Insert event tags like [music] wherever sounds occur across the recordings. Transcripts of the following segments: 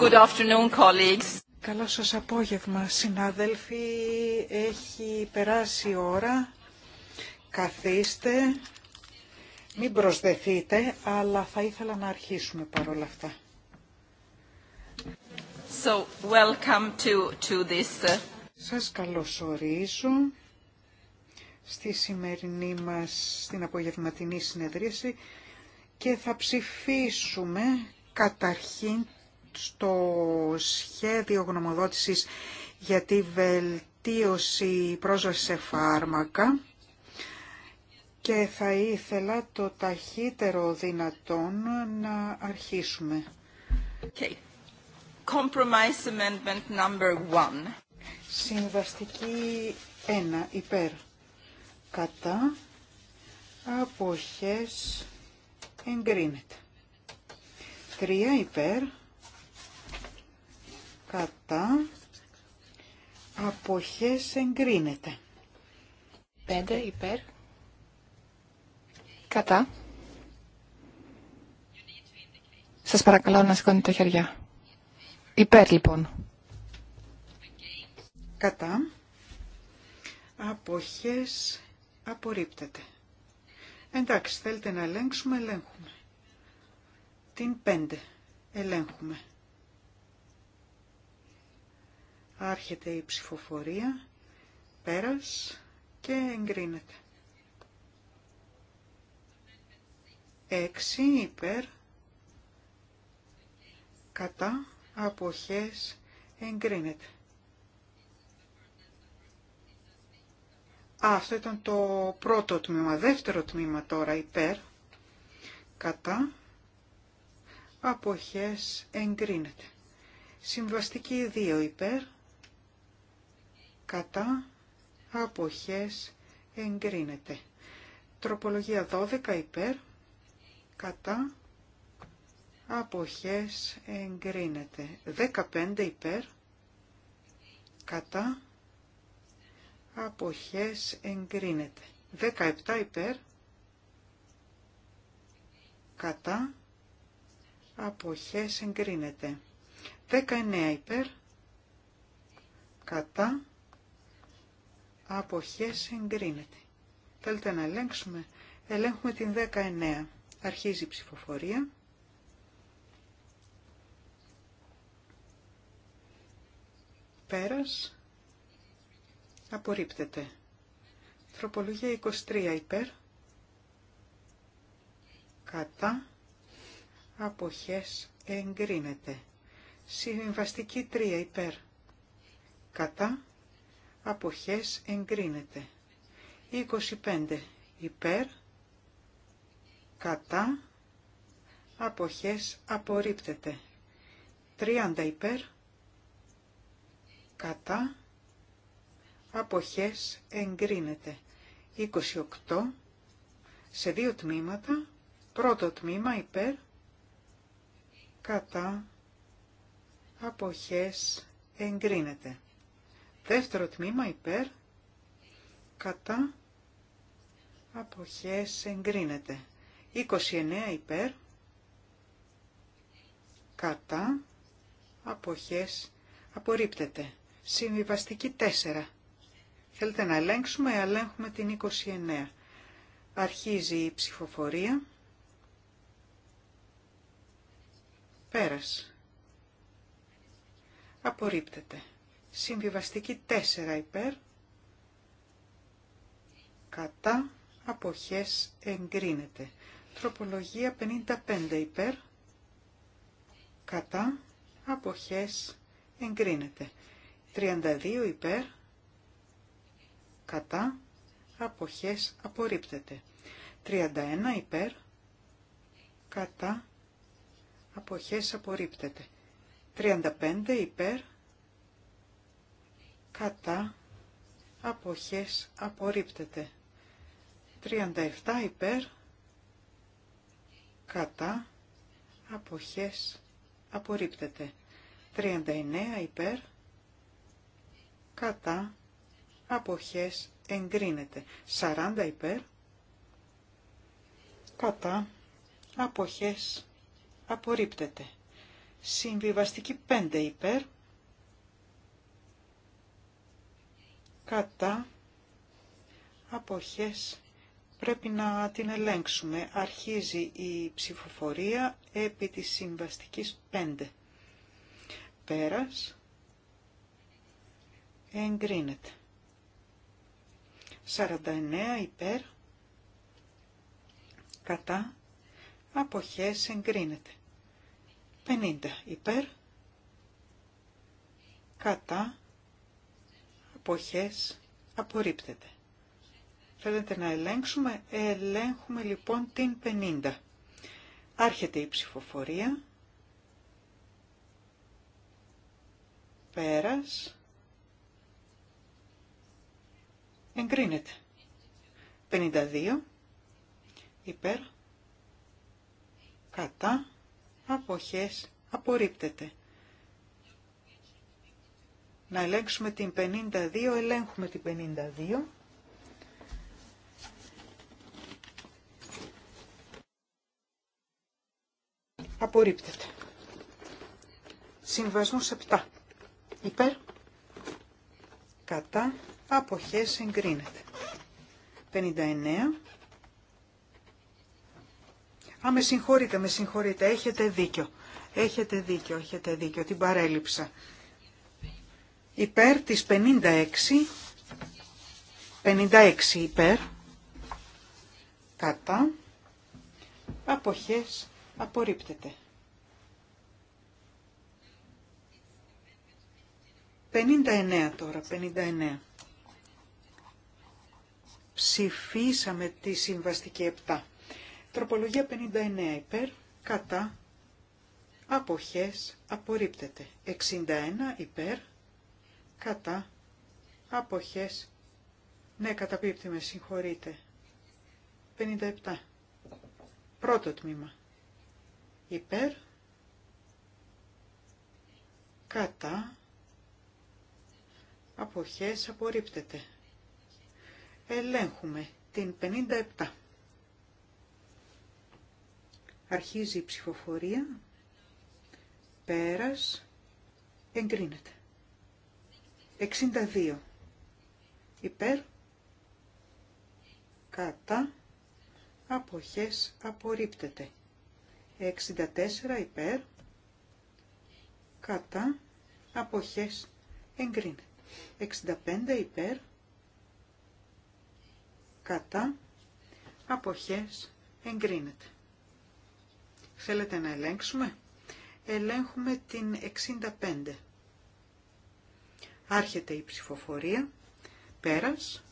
Good afternoon, colleagues. Καλό σας απόγευμα, συνάδελφοι. Έχει περάσει η ώρα. Καθίστε. Μην προσδεθείτε, αλλά θα ήθελα να αρχίσουμε παρόλα αυτά. So, welcome to, to this. Uh, σας καλωσορίζω στη σημερινή μας, στην απογευματινή συνεδρίαση και θα ψηφίσουμε καταρχήν στο σχέδιο γνωμοδότησης για τη βελτίωση πρόσβασης σε φάρμακα και θα ήθελα το ταχύτερο δυνατόν να αρχίσουμε. Okay. Compromise amendment number one. Συμβαστική 1 υπέρ κατά αποχές εγκρίνεται. 3 υπέρ κατά αποχές εγκρίνεται. 5 υπέρ κατά. Σας παρακαλώ να σηκώνετε τα χέρια. Υπέρ λοιπόν. Κατά. Αποχές απορρίπτεται. Εντάξει, θέλετε να ελέγξουμε, ελέγχουμε. Την 5 ελέγχουμε. Άρχεται η ψηφοφορία, πέρας και εγκρίνεται. 6 υπέρ, κατά, αποχές, εγκρίνεται. αυτό ήταν το πρώτο τμήμα. Δεύτερο τμήμα τώρα υπέρ, κατά, αποχές εγκρίνεται. Συμβαστική 2 υπέρ, κατά, αποχές, εγκρίνεται. Τροπολογία 12 υπέρ, κατά, αποχές, εγκρίνεται. 15 υπέρ, κατά, αποχές, εγκρίνεται. 17 υπέρ, κατά, αποχές εγκρίνεται. 19 υπέρ, κατά, αποχές εγκρίνεται. Θέλετε να ελέγξουμε. Ελέγχουμε την 19. Αρχίζει η ψηφοφορία. Πέρας. Απορρίπτεται. Τροπολογία 23 υπέρ. Κατά. Αποχές εγκρίνεται. Συμβαστική 3 υπέρ. Κατά αποχές εγκρίνεται. 25 υπέρ, κατά, αποχές απορρίπτεται. 30 υπέρ, κατά, αποχές εγκρίνεται. 28 σε δύο τμήματα, πρώτο τμήμα υπέρ, κατά, αποχές εγκρίνεται. Δεύτερο τμήμα υπέρ, κατά, αποχές εγκρίνεται. 29 υπέρ, κατά, αποχές απορρίπτεται. Συμβιβαστική 4. Θέλετε να ελέγξουμε, ελέγχουμε την 29. Αρχίζει η ψηφοφορία. Πέρας. Απορρίπτεται. Συμβιβαστική 4 υπέρ. Κατά αποχές εγκρίνεται. Τροπολογία 55 υπέρ. Κατά αποχές εγκρίνεται. 32 υπέρ. Κατά αποχές απορρίπτεται. 31 υπέρ. Κατά αποχές απορρίπτεται. 35 υπέρ κατά αποχές απορρίπτεται. 37 υπέρ κατά αποχές απορρίπτεται. 39 υπέρ κατά αποχές εγκρίνεται. 40 υπέρ κατά αποχές απορρίπτεται. Συμβιβαστική 5 υπέρ κατά αποχές πρέπει να την ελέγξουμε. Αρχίζει η ψηφοφορία επί της συμβαστικής 5. Πέρας εγκρίνεται. 49 υπέρ κατά αποχές εγκρίνεται. 50 υπέρ κατά αποχές απορρίπτεται. Θέλετε να ελέγξουμε, ελέγχουμε λοιπόν την 50. Άρχεται η ψηφοφορία. Πέρας. Εγκρίνεται. 52. Υπέρ. Κατά. Αποχές. Απορρίπτεται να ελέγξουμε την 52, ελέγχουμε την 52. Απορρίπτεται. Συμβασμός 7. Υπέρ. Κατά. Αποχές εγκρίνεται. 59. Α, με συγχωρείτε, με συγχωρείτε. Έχετε δίκιο. Έχετε δίκιο, έχετε δίκιο. Την παρέλειψα υπέρ της 56, 56 υπέρ, κατά, αποχές απορρίπτεται. 59 τώρα, 59. Ψηφίσαμε τη συμβαστική 7. Τροπολογία 59 υπέρ, κατά, αποχές απορρίπτεται. 61 υπέρ, κατά αποχές ναι καταπίπτει με συγχωρείτε 57 πρώτο τμήμα υπέρ κατά αποχές απορρίπτεται ελέγχουμε την 57 αρχίζει η ψηφοφορία πέρας εγκρίνεται 62 υπέρ κατά αποχές απορρίπτεται 64 υπέρ κατά αποχές εγκρίνεται 65 υπέρ κατά αποχές εγκρίνεται Θέλετε να ελέγξουμε. Ελέγχουμε την 65. Άρχεται η ψηφοφορία. Πέρας.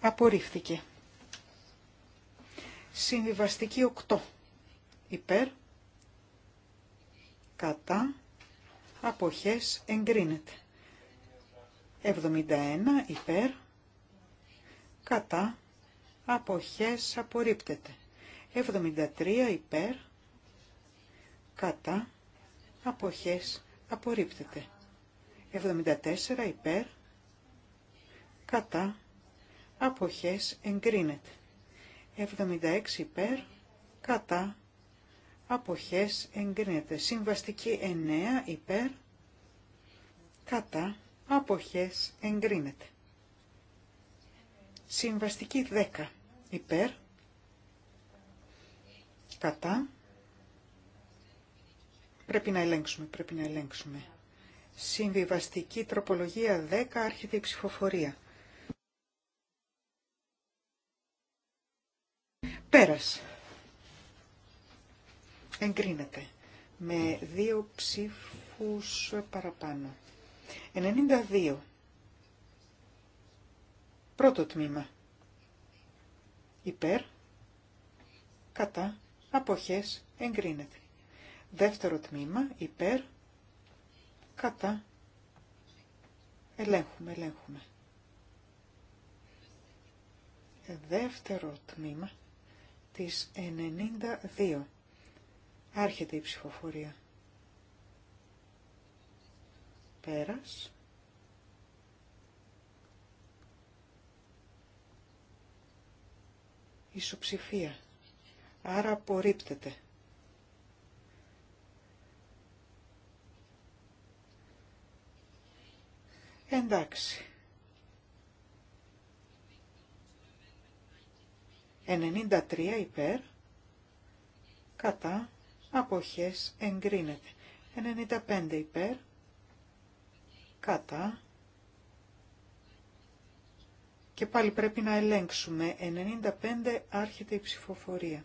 Απορρίφθηκε. Συμβιβαστική 8. Υπέρ. Κατά. Αποχές εγκρίνεται. 71 υπέρ. Κατά. Αποχές απορρίπτεται. 73 υπέρ. Κατά. Αποχές απορρίπτεται. 74 υπέρ, κατά, αποχές εγκρίνεται. 76 υπέρ, κατά, αποχές εγκρίνεται. Συμβαστική 9 υπέρ, κατά, αποχές εγκρίνεται. Συμβαστική 10 υπέρ, κατά, πρέπει να ελέγξουμε, πρέπει να ελέγξουμε. Συμβιβαστική τροπολογία 10, άρχεται ψηφοφορία. Πέρας. Εγκρίνεται. Με δύο ψήφους παραπάνω. 92. Πρώτο τμήμα. Υπέρ. Κατά. Αποχές. Εγκρίνεται. Δεύτερο τμήμα. Υπέρ Κατά. Ελέγχουμε, ελέγχουμε. Ε, δεύτερο τμήμα της 92. Άρχεται η ψηφοφορία. Πέρας. Ισοψηφία. Άρα απορρίπτεται. Εντάξει. 93 υπέρ, κατά, αποχές, εγκρίνεται. 95 υπέρ, κατά, και πάλι πρέπει να ελέγξουμε. 95 άρχεται η ψηφοφορία.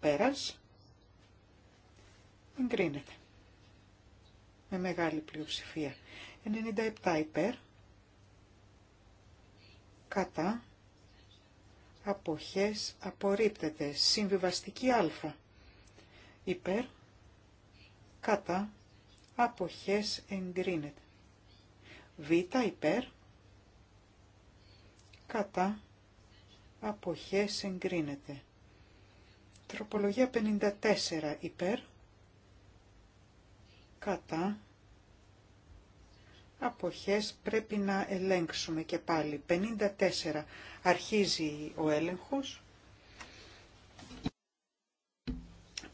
Πέρας. Εγκρίνεται. Με μεγάλη πλειοψηφία. 97 υπέρ. Κατά. Αποχές απορρίπτεται. Συμβιβαστική α. Υπέρ. Κατά. Αποχές εγκρίνεται. Β υπέρ. Κατά. Αποχές εγκρίνεται. Τροπολογία 54 υπέρ κατά αποχές πρέπει να ελέγξουμε και πάλι. 54 αρχίζει ο έλεγχος.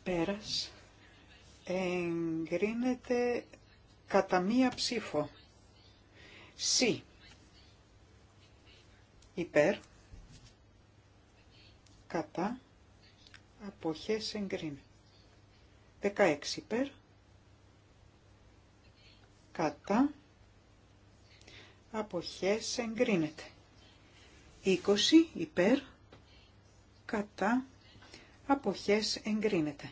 Πέρας εγκρίνεται κατά μία ψήφο. Σι. Υπέρ. Κατά. Αποχές εγκρίνεται. 16 υπέρ κατά, αποχές εγκρίνεται. 20 υπέρ, κατά, αποχές εγκρίνεται.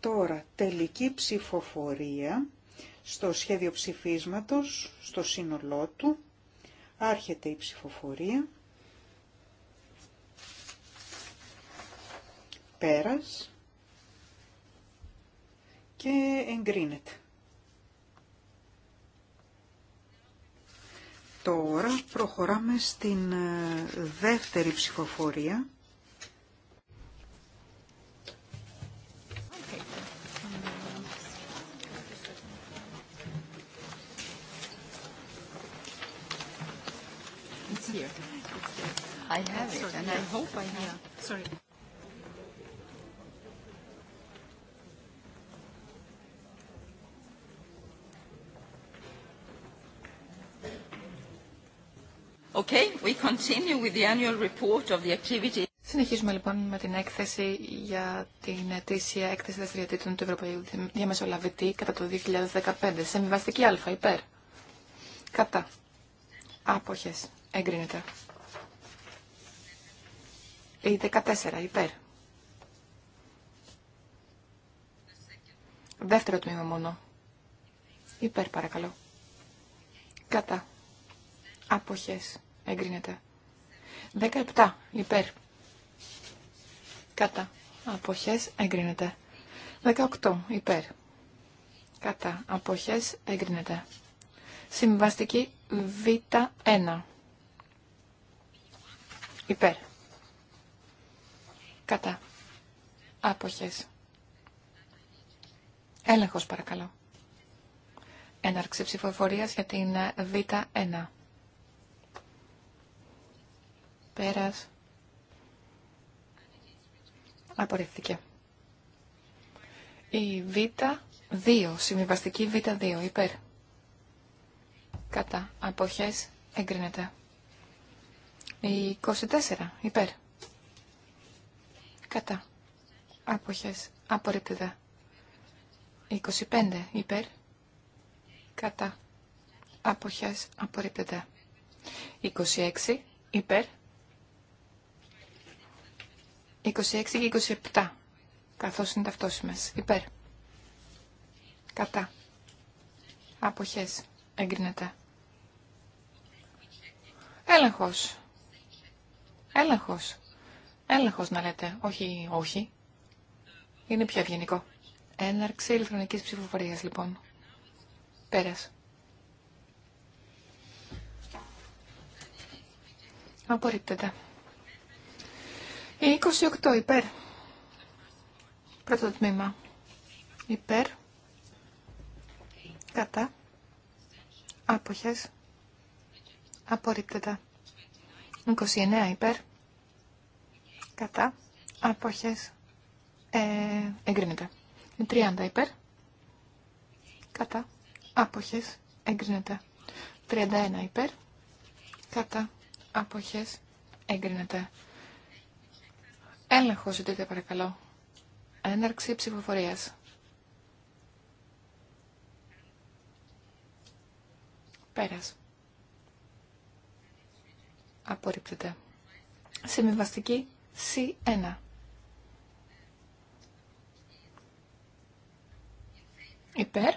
Τώρα τελική ψηφοφορία στο σχέδιο ψηφίσματος, στο σύνολό του, άρχεται η ψηφοφορία. Πέρας και εγκρίνεται. Τώρα προχωράμε στην ε, δεύτερη ψηφοφορία. I have it, and I hope I hear. Sorry. Okay, we continue with the annual report of the activity. Συνεχίζουμε λοιπόν με την έκθεση για την ετήσια έκθεση δραστηριοτήτων του Ευρωπαϊκού Διαμεσολαβητή κατά το 2015. Σεμιβαστική α, υπέρ. Κατά. Άποχες. Εγκρίνεται. Η 14, υπέρ. Δεύτερο τμήμα μόνο. Υπέρ παρακαλώ. Κατά. Άποχες. Εγκρίνεται. 17. Υπέρ. Κατά. Αποχές. Εγκρίνεται. 18. Υπέρ. Κατά. Αποχές. Εγκρίνεται. Συμβαστική Β1. Υπέρ. Κατά. Άποχες. Έλεγχος παρακαλώ. Έναρξη ψηφοφορίας για την Β1. Πέρας. Απορρίφθηκε. Η Β2, συμβιβαστική Β2, υπέρ. Κατά. Αποχές εγκρίνεται. Η 24, υπέρ. Κατά. Αποχές απορρίπτεται. Η 25, υπέρ. Κατά. Αποχές απορρίπτεται. 26, υπέρ. 26 και 27, καθώς είναι ταυτόσιμες. Υπέρ. Κατά. Αποχές. Εγκρίνεται. Έλεγχος. Έλεγχος. Έλεγχος να λέτε. Όχι, όχι. Είναι πιο ευγενικό. Έναρξη ηλεκτρονικής ψηφοφορίας, λοιπόν. Πέρας. Απορρίπτεται. 28 υπέρ. Πρώτο τμήμα. Υπέρ. Κατά. Άποχες. Απορρίπτεται. 29 υπέρ. Κατά. Άποχες. Ε, εγκρίνεται. 30 υπέρ. Κατά. Άποχες. Εγκρίνεται. 31 υπέρ. Κατά. Άποχες. Εγκρίνεται. Έλεγχο ζητείτε παρακαλώ. Έναρξη ψηφοφορίας. Πέρας. Απορρίπτεται. Συμβιβαστική C1. Υπέρ.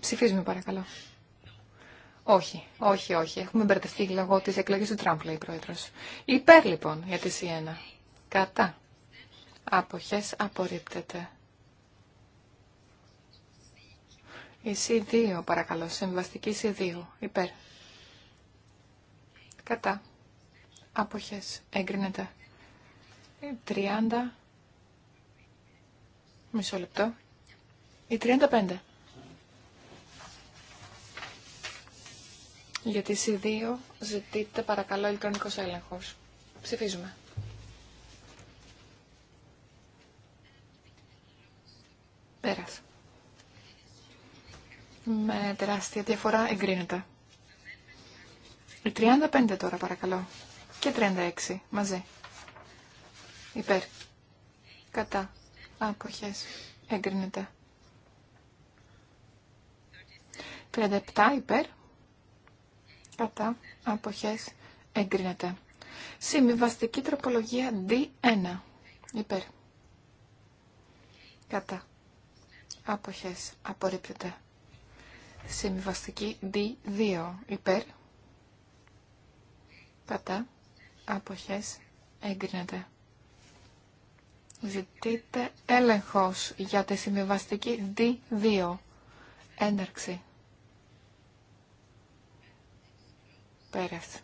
Ψηφίζουμε παρακαλώ. Όχι, όχι, όχι. Έχουμε μπερδευτεί λόγω τη εκλογή του Τραμπ, λέει η πρόεδρο. Υπέρ λοιπόν για τη Σιένα. Κατά. Αποχέ απορρίπτεται. Η C2, παρακαλώ. Συμβαστική C2. Υπέρ. Κατά. Αποχέ. Έγκρινεται. 30. Μισό λεπτό. Η 35. Για στι δύο ζητείτε παρακαλώ ηλεκτρονικός έλεγχος. Ψηφίζουμε. Πέρασε. Με τεράστια διαφορά εγκρίνεται. 35 τώρα παρακαλώ. Και 36 μαζί. Υπέρ. Κατά. Αποχές. Εγκρίνεται. 37 υπέρ κατά αποχές εγκρίνεται. Συμβιβαστική τροπολογία D1 υπέρ κατά αποχές απορρίπτεται. Συμβιβαστική D2 υπέρ κατά αποχές εγκρίνεται. Ζητείτε έλεγχος για τη συμβιβαστική D2. Έναρξη. Πέρας.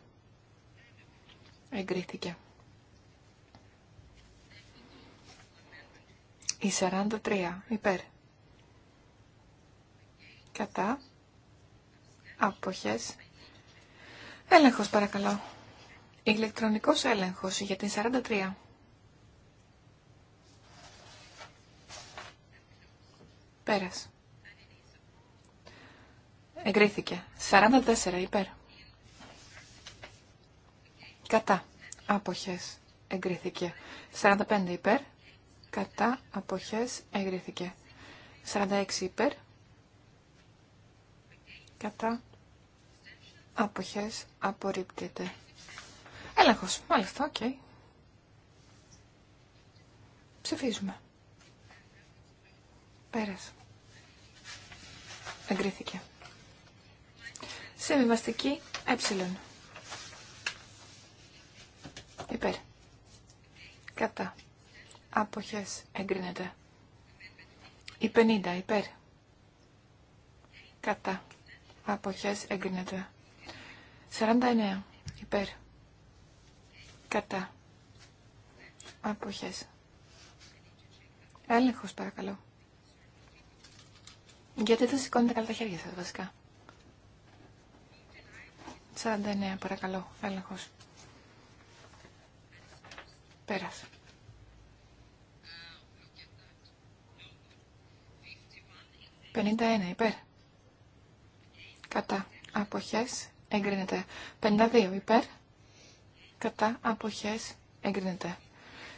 Εγκρίθηκε. Η 43 υπέρ. Κατά. Αποχές. Έλεγχος παρακαλώ. Ηλεκτρονικός έλεγχος για την 43. Πέρας. Εγκρίθηκε. 44 υπέρ. Κατά. Αποχές. Εγκρίθηκε. 45 υπέρ. Κατά. Αποχές. Εγκρίθηκε. 46 υπέρ. Κατά. Αποχές. Απορρίπτεται. Έλεγχος. Μάλιστα. Οκ. Okay. Ψηφίζουμε. Πέρασε. Εγκρίθηκε. Συμβιβαστική ε. Υπέρ. Κατά. Αποχές. Εγκρίνεται. Η 50. Υπέρ. Κατά. Αποχές. Εγκρίνεται. 49. Υπέρ. Κατά. Αποχές. Έλεγχος παρακαλώ. Γιατί δεν σηκώνετε καλά τα χέρια σας βασικά. 49 παρακαλώ. Έλεγχος. Πέρασε. Πενήντα υπέρ. Κατά αποχές εγκρίνεται. 52 υπέρ. Κατά αποχές εγκρίνεται.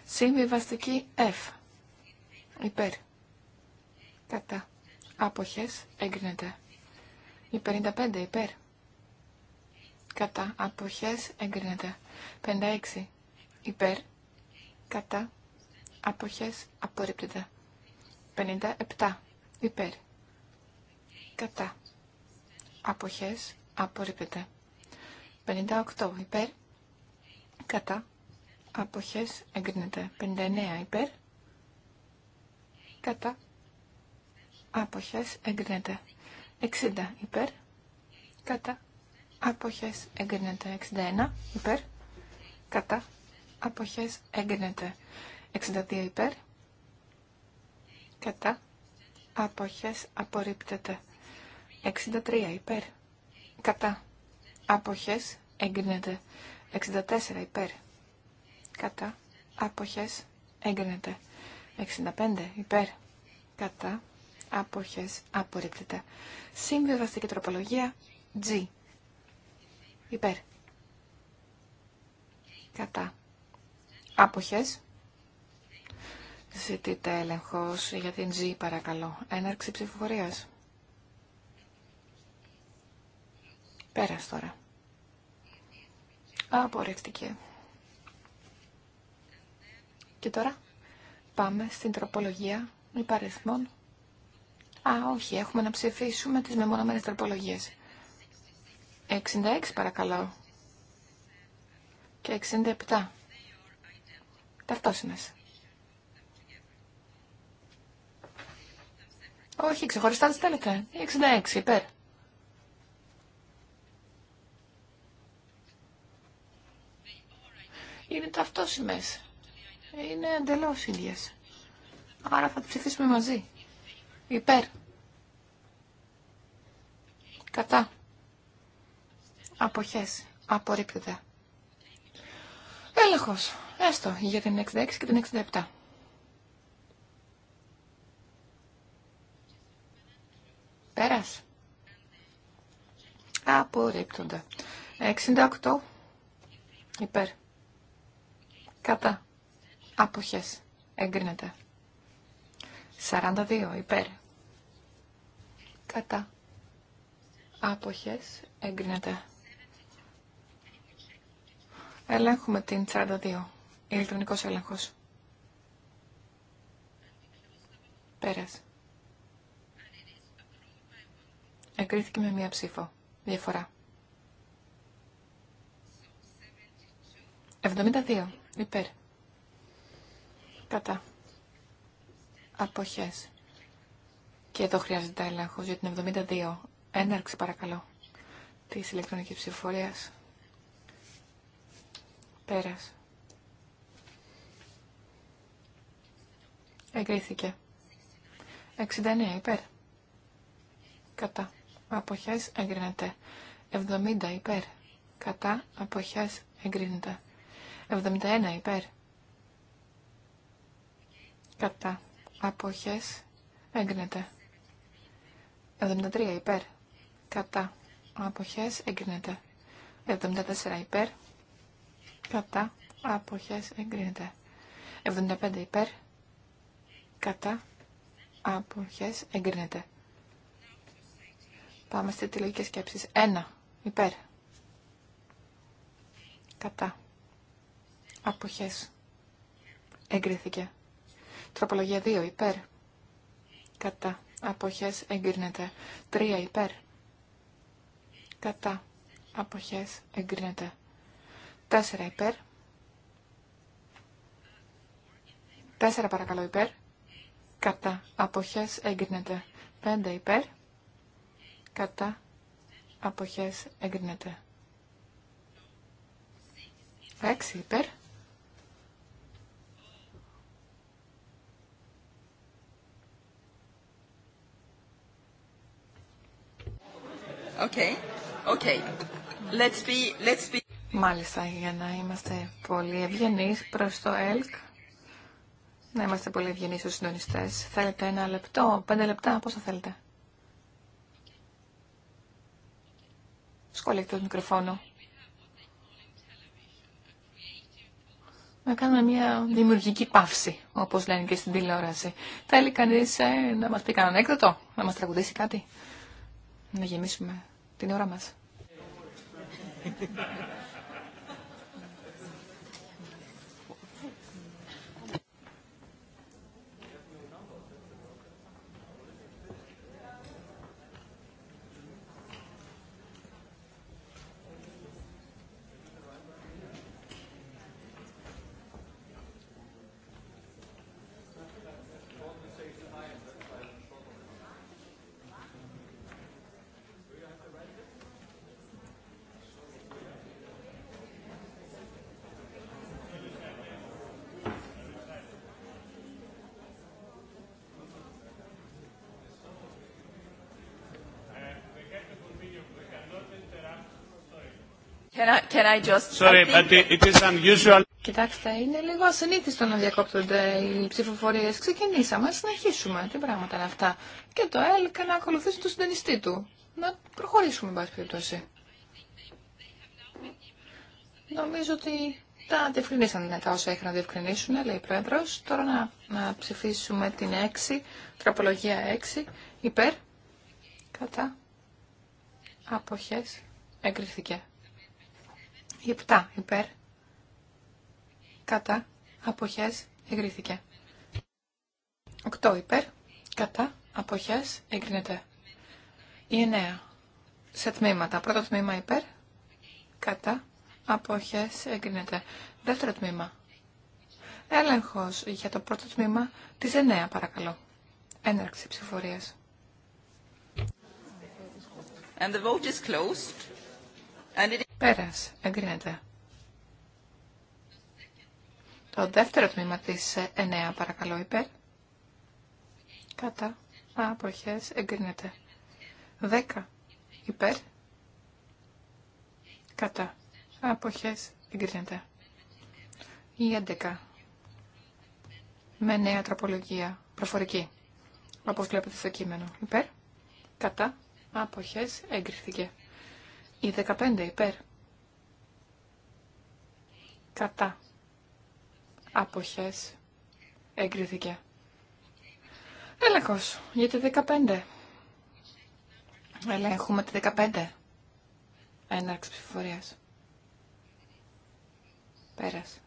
Συμβιβαστική F. Υπέρ. Κατά. Άποχες εγκρίνεται. Η 55 υπέρ. Κατά. Αποχές εγκρίνεται. 56 υπέρ κατά, αποχές, απορρίπτεται. 57 υπέρ, κατά, αποχές, απορρίπτεται. 58 υπέρ, κατά, αποχές, εγκρίνεται. 59 υπέρ, κατά, άποχες εγκρίνεται 60 υπέρ, κατά άποχες εγκρίνεται 61 υπέρ, κατά αποχές έγκρινεται. 62 υπέρ, κατά, αποχές απορρίπτεται. 63 υπέρ, κατά, αποχές έγκρινεται. 64 υπέρ, κατά, αποχές έγκρινεται. 65 υπέρ, κατά, αποχές απορρίπτεται. Συμβιβαστική τροπολογία G. Υπέρ. Κατά. Άποχες. Ζητείτε έλεγχος για την G, παρακαλώ. Έναρξη ψηφοφορίας. Πέρας τώρα. Απορρίφθηκε. Και τώρα πάμε στην τροπολογία υπαριθμών. Α, όχι, έχουμε να ψηφίσουμε τις μεμονωμένες τροπολογίες. 66 παρακαλώ. Και 67 ταυτόσιμες. Όχι, ξεχωριστά τι θέλετε. 66, υπέρ. Είναι ταυτόσιμες. Είναι εντελώ ίδιες. Άρα θα τι ψηφίσουμε μαζί. Υπέρ. Κατά. Αποχές. Απορρίπτεται. Έλεγχος. Έστω για την 66 και την 67. Πέρας. Απορρίπτονται. 68. Υπέρ. Κατά. Αποχές. Εγκρίνεται. 42. Υπέρ. Κατά. Αποχές. Εγκρίνεται. Ελέγχουμε την 42. ηλεκτρονικό έλεγχο. Πέρας. Εγκρίθηκε με μία ψήφο. Διαφορά. 72. Υπέρ. Κατά. Αποχές. Και εδώ χρειάζεται έλεγχος για την 72. Έναρξη παρακαλώ. Της ηλεκτρονικής ψηφοφορίας. Πέρας. Εγκρίθηκε. 69 υπέρ. Κατά. Αποχές εγκρίνεται. 70 υπέρ. Κατά. Αποχές εγκρίνεται. 71 υπέρ. Κατά. Αποχές εγκρίνεται. 73 υπέρ. Κατά. Αποχές εγκρίνεται. 74 υπέρ κατά αποχές εγκρίνεται. 75 υπέρ κατά αποχές εγκρίνεται. Πάμε στη τελική σκέψη, 1 υπέρ κατά αποχές εγκρίθηκε. Τροπολογία 2 υπέρ κατά αποχές εγκρίνεται. 3 υπέρ κατά αποχές εγκρίνεται. Τέσσερα υπέρ. Τέσσερα παρακαλώ υπέρ. Κατά αποχές έγκρινεται. Πέντε υπέρ. Κατά αποχές έγκρινεται. Έξι υπέρ. Okay. Okay. Let's be, let's be... Μάλιστα, για να είμαστε πολύ ευγενείς προς το ΕΛΚ. Να είμαστε πολύ ευγενεί στους συντονιστέ. Θέλετε ένα λεπτό, πέντε λεπτά, πόσα θέλετε. Σχόλια το μικροφόνο. Να κάνουμε μια δημιουργική παύση, όπω λένε και στην τηλεόραση. Θέλει κανεί ε, να μα πει κανένα έκδοτο, να μα τραγουδήσει κάτι. Να γεμίσουμε την ώρα μα. Can I, just... Sorry, but it is unusual. Κοιτάξτε, είναι λίγο ασυνήθιστο να διακόπτονται οι ψηφοφορίε. Ξεκινήσαμε, ας συνεχίσουμε. Τι πράγματα είναι αυτά. Και το ΕΛΚ να ακολουθήσει το συντενιστή του. Να προχωρήσουμε, εν πάση περιπτώσει. Νομίζω ότι τα διευκρινίσαν τα όσα είχαν να διευκρινίσουν, λέει η Πρόεδρο. Τώρα να, ψηφίσουμε την 6, τροπολογία 6, υπέρ, κατά, αποχές, εγκριθήκε. 7 υπέρ κατά αποχές εγκρίθηκε. 8 υπέρ κατά αποχές εγκρίνεται. Η 9 σε τμήματα. Πρώτο τμήμα υπέρ κατά αποχές εγκρίνεται. Δεύτερο τμήμα. Έλεγχος για το πρώτο τμήμα της 9 παρακαλώ. Έναρξη ψηφορίας. And the vote is closed. Πέρας, εγκρίνεται. Το δεύτερο τμήμα της 9, ε, παρακαλώ, υπέρ. Κατά. Αποχές, εγκρίνεται. 10, υπέρ. Κατά. Αποχές, εγκρίνεται. Η 11. Με νέα τροπολογία, προφορική. Όπως βλέπετε στο κείμενο. Υπέρ. Κατά. Αποχές, εγκριθήκε. Η 15 υπέρ. Κατά. Αποχές. Εγκρίθηκε. Έλεγχος για τη 15. Ελέγχουμε τη 15. Έναρξη ψηφοφορίας. Πέρασε.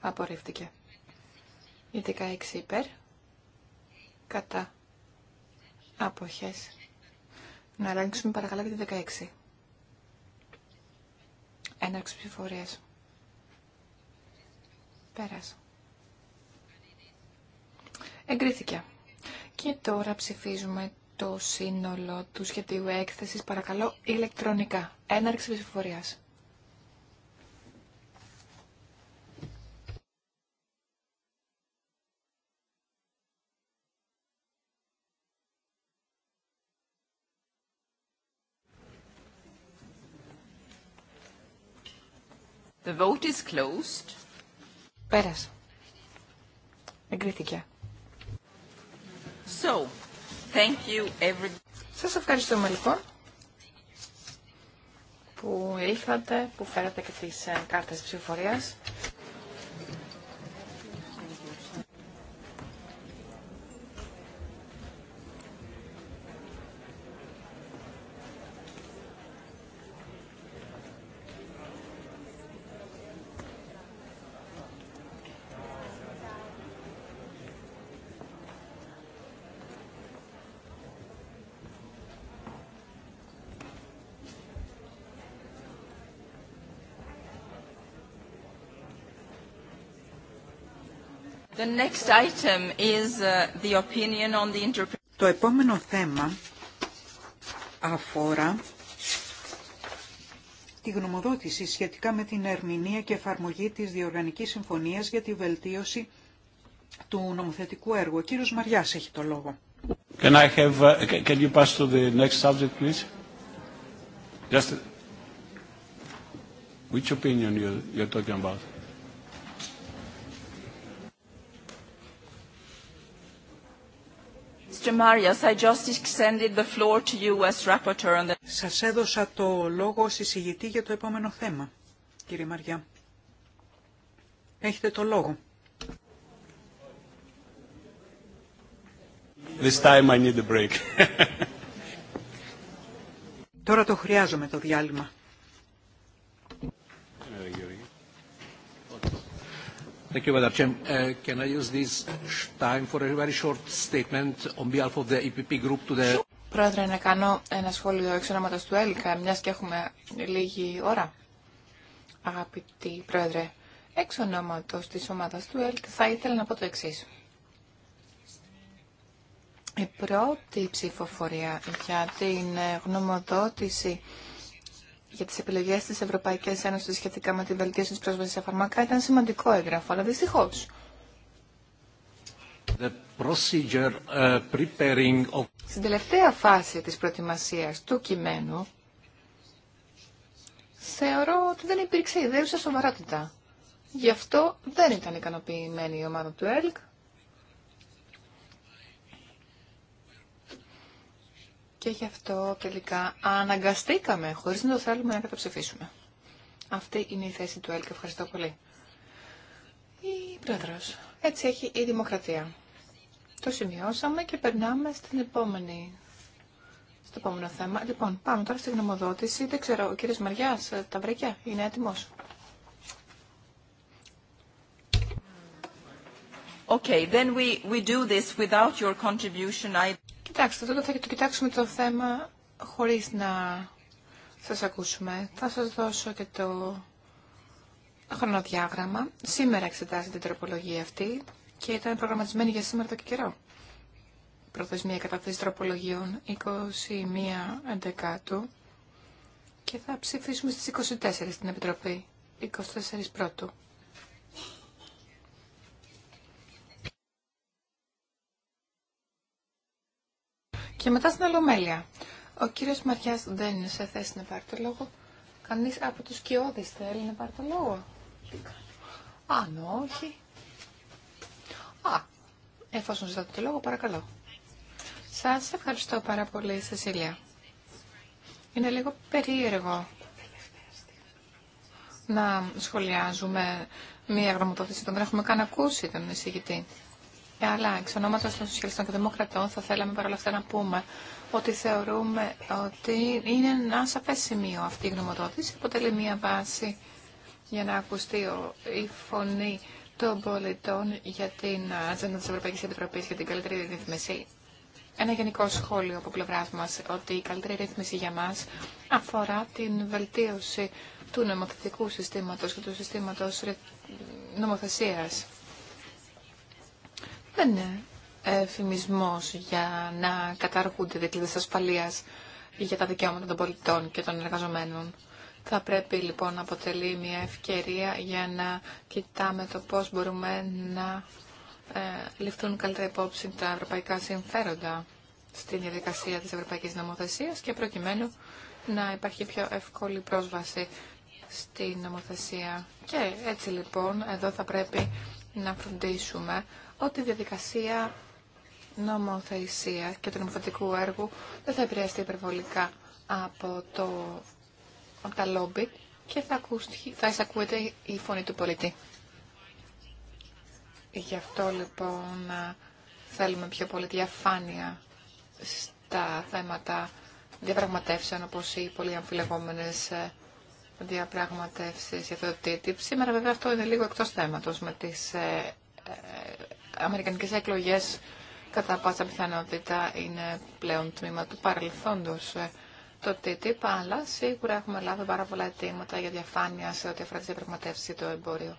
Απορρίφθηκε. Η 16 υπέρ. Κατά. Αποχές. Να άλλαξουμε παρακαλώ και τη 16. Έναρξη ψηφορία. Πέρασε. Εγκρίθηκε. Και τώρα ψηφίζουμε το σύνολο του σχεδίου έκθεσης, παρακαλώ, ηλεκτρονικά. Έναρξη ψηφοφορίας. The vote is closed. Πέρασε. Εγκρίθηκε. So, thank you every... Σας ευχαριστούμε λοιπόν που ήρθατε, που φέρατε και τις ε, κάρτες ψηφοφορίας. Το επόμενο θέμα αφορά τη γνωμοδότηση σχετικά με την ερμηνεία και εφαρμογή της Διοργανικής Συμφωνίας για τη βελτίωση του νομοθετικού έργου. Ο κύριος Μαριάς έχει το λόγο. Can I have, uh, can you pass to the next subject, please? Just, which opinion you're talking about? Σας έδωσα το λόγο ως εισηγητή για το επόμενο θέμα, κύριε Μαριά. Έχετε το λόγο. This time I need a break. [laughs] Τώρα το χρειάζομαι το διάλειμμα. Thank you, Madam Chair. Uh, can I use this time for a very short statement on behalf of the EPP Group to the... Πρόεδρε, να κάνω ένα σχόλιο εξ ονόματος του ΕΛΚΑ, μιας και έχουμε λίγη ώρα. Αγαπητή Πρόεδρε, εξ ονόματος της ομάδας του ΕΛΚΑ θα ήθελα να πω το εξή. Η πρώτη ψηφοφορία για την γνωμοδότηση για τι επιλογέ τη Ευρωπαϊκή Ένωση σχετικά με την βελτίωση τη πρόσβαση σε φαρμακά ήταν σημαντικό έγγραφο, αλλά δυστυχώ. Uh, Στην τελευταία φάση της προετοιμασίας του κειμένου, θεωρώ ότι δεν υπήρξε ιδέουσα σοβαρότητα. Γι' αυτό δεν ήταν ικανοποιημένη η ομάδα του ΕΛΚ Και γι' αυτό τελικά αναγκαστήκαμε, χωρίς να το θέλουμε, να καταψηφίσουμε. Αυτή είναι η θέση του ΕΛΚ. Ευχαριστώ πολύ. Η πρόεδρος. Έτσι έχει η δημοκρατία. Το σημειώσαμε και περνάμε στην επόμενη, στο επόμενο θέμα. Λοιπόν, πάμε τώρα στη γνωμοδότηση. Δεν ξέρω, ο κύριος Μαριάς ε, τα βρήκε, είναι έτοιμος. Okay, then we, we do this without your contribution. Κοιτάξτε, τώρα θα το κοιτάξουμε το θέμα χωρίς να σας ακούσουμε. Θα σας δώσω και το χρονοδιάγραμμα. Σήμερα εξετάζεται την τροπολογία αυτή και ήταν προγραμματισμένη για σήμερα το και καιρό. Προθεσμία καταθέση τροπολογιών 21 Αντεκάτου και θα ψηφίσουμε στις 24 στην Επιτροπή, 24 Πρώτου. και μετά στην Ολομέλεια. Ο κύριος Μαριά δεν είναι σε θέση να πάρει το λόγο. Κανείς από τους κοιόδη θέλει να πάρει το λόγο. Αν όχι. Α, εφόσον ζητάτε το λόγο, παρακαλώ. Σας ευχαριστώ πάρα πολύ, Σεσίλια. Είναι λίγο περίεργο να σχολιάζουμε μία γραμματοδότηση, τον δεν έχουμε καν ακούσει τον εισηγητή. Αλλά εξ ονόματος των Σοσιαλιστών και Δημοκρατών θα θέλαμε παρόλα αυτά να πούμε ότι θεωρούμε ότι είναι ένα σαφέ σημείο αυτή η γνωμοδότηση. Αποτελεί μία βάση για να ακουστεί η φωνή των πολιτών για την ατζέντα τη Ευρωπαϊκή Επιτροπή για την καλύτερη ρυθμίση. Ένα γενικό σχόλιο από πλευρά μα ότι η καλύτερη ρύθμιση για μα αφορά την βελτίωση του νομοθετικού συστήματο και του συστήματο νομοθεσία δεν είναι εφημισμός για να καταργούνται δικλείδες ασφαλείας για τα δικαιώματα των πολιτών και των εργαζομένων. Θα πρέπει λοιπόν να αποτελεί μια ευκαιρία για να κοιτάμε το πώς μπορούμε να ε, ληφθούν καλύτερα υπόψη τα ευρωπαϊκά συμφέροντα στην διαδικασία της ευρωπαϊκής νομοθεσίας και προκειμένου να υπάρχει πιο εύκολη πρόσβαση στη νομοθεσία. Και έτσι λοιπόν εδώ θα πρέπει να φροντίσουμε ότι η διαδικασία νομοθεσία και του νομοθετικού έργου δεν θα επηρεαστεί υπερβολικά από, το, τα λόμπι και θα, ακούστη, θα εισακούεται η φωνή του πολιτή. Γι' αυτό λοιπόν θέλουμε πιο πολύ διαφάνεια στα θέματα διαπραγματεύσεων όπως οι πολύ αμφιλεγόμενες ε, διαπραγματεύσεις για το TTIP. Σήμερα βέβαια αυτό είναι λίγο εκτός θέματος με τις ε, ε, αμερικανικές εκλογές κατά πάσα πιθανότητα είναι πλέον τμήμα του παρελθόντος το TTIP, αλλά σίγουρα έχουμε λάβει πάρα πολλά αιτήματα για διαφάνεια σε ό,τι αφορά τη διαπραγματεύση το εμπόριο.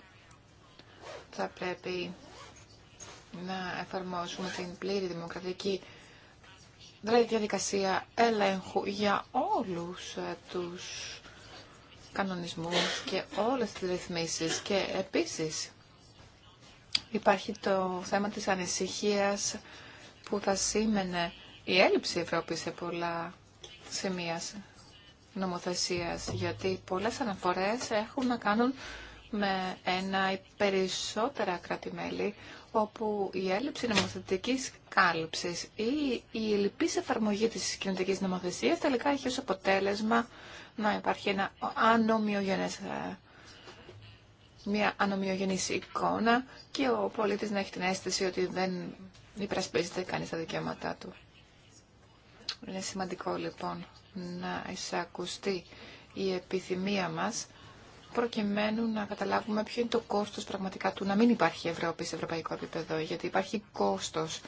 Θα πρέπει να εφαρμόσουμε την πλήρη δημοκρατική δηλαδή, διαδικασία έλεγχου για όλους ε, τους κανονισμούς και όλες τις ρυθμίσεις και επίσης Υπάρχει το θέμα της ανησυχίας που θα σήμαινε η έλλειψη Ευρώπη σε πολλά σημεία νομοθεσίας, γιατί πολλές αναφορές έχουν να κάνουν με ένα ή περισσότερα κράτη-μέλη, όπου η έλλειψη νομοθετικής ή η λυπής εφαρμογή της κοινωνικής νομοθεσίας τελικά έχει ως αποτέλεσμα να υπάρχει ένα ανομοιογενές ε, μια ανομοιογενής εικόνα και ο πολίτης να έχει την αίσθηση ότι δεν υπερασπίζεται κανείς τα δικαιώματά του. Είναι σημαντικό λοιπόν να εισακουστεί η επιθυμία μας προκειμένου να καταλάβουμε ποιο είναι το κόστος πραγματικά του να μην υπάρχει Ευρώπη σε ευρωπαϊκό επίπεδο, γιατί υπάρχει κόστος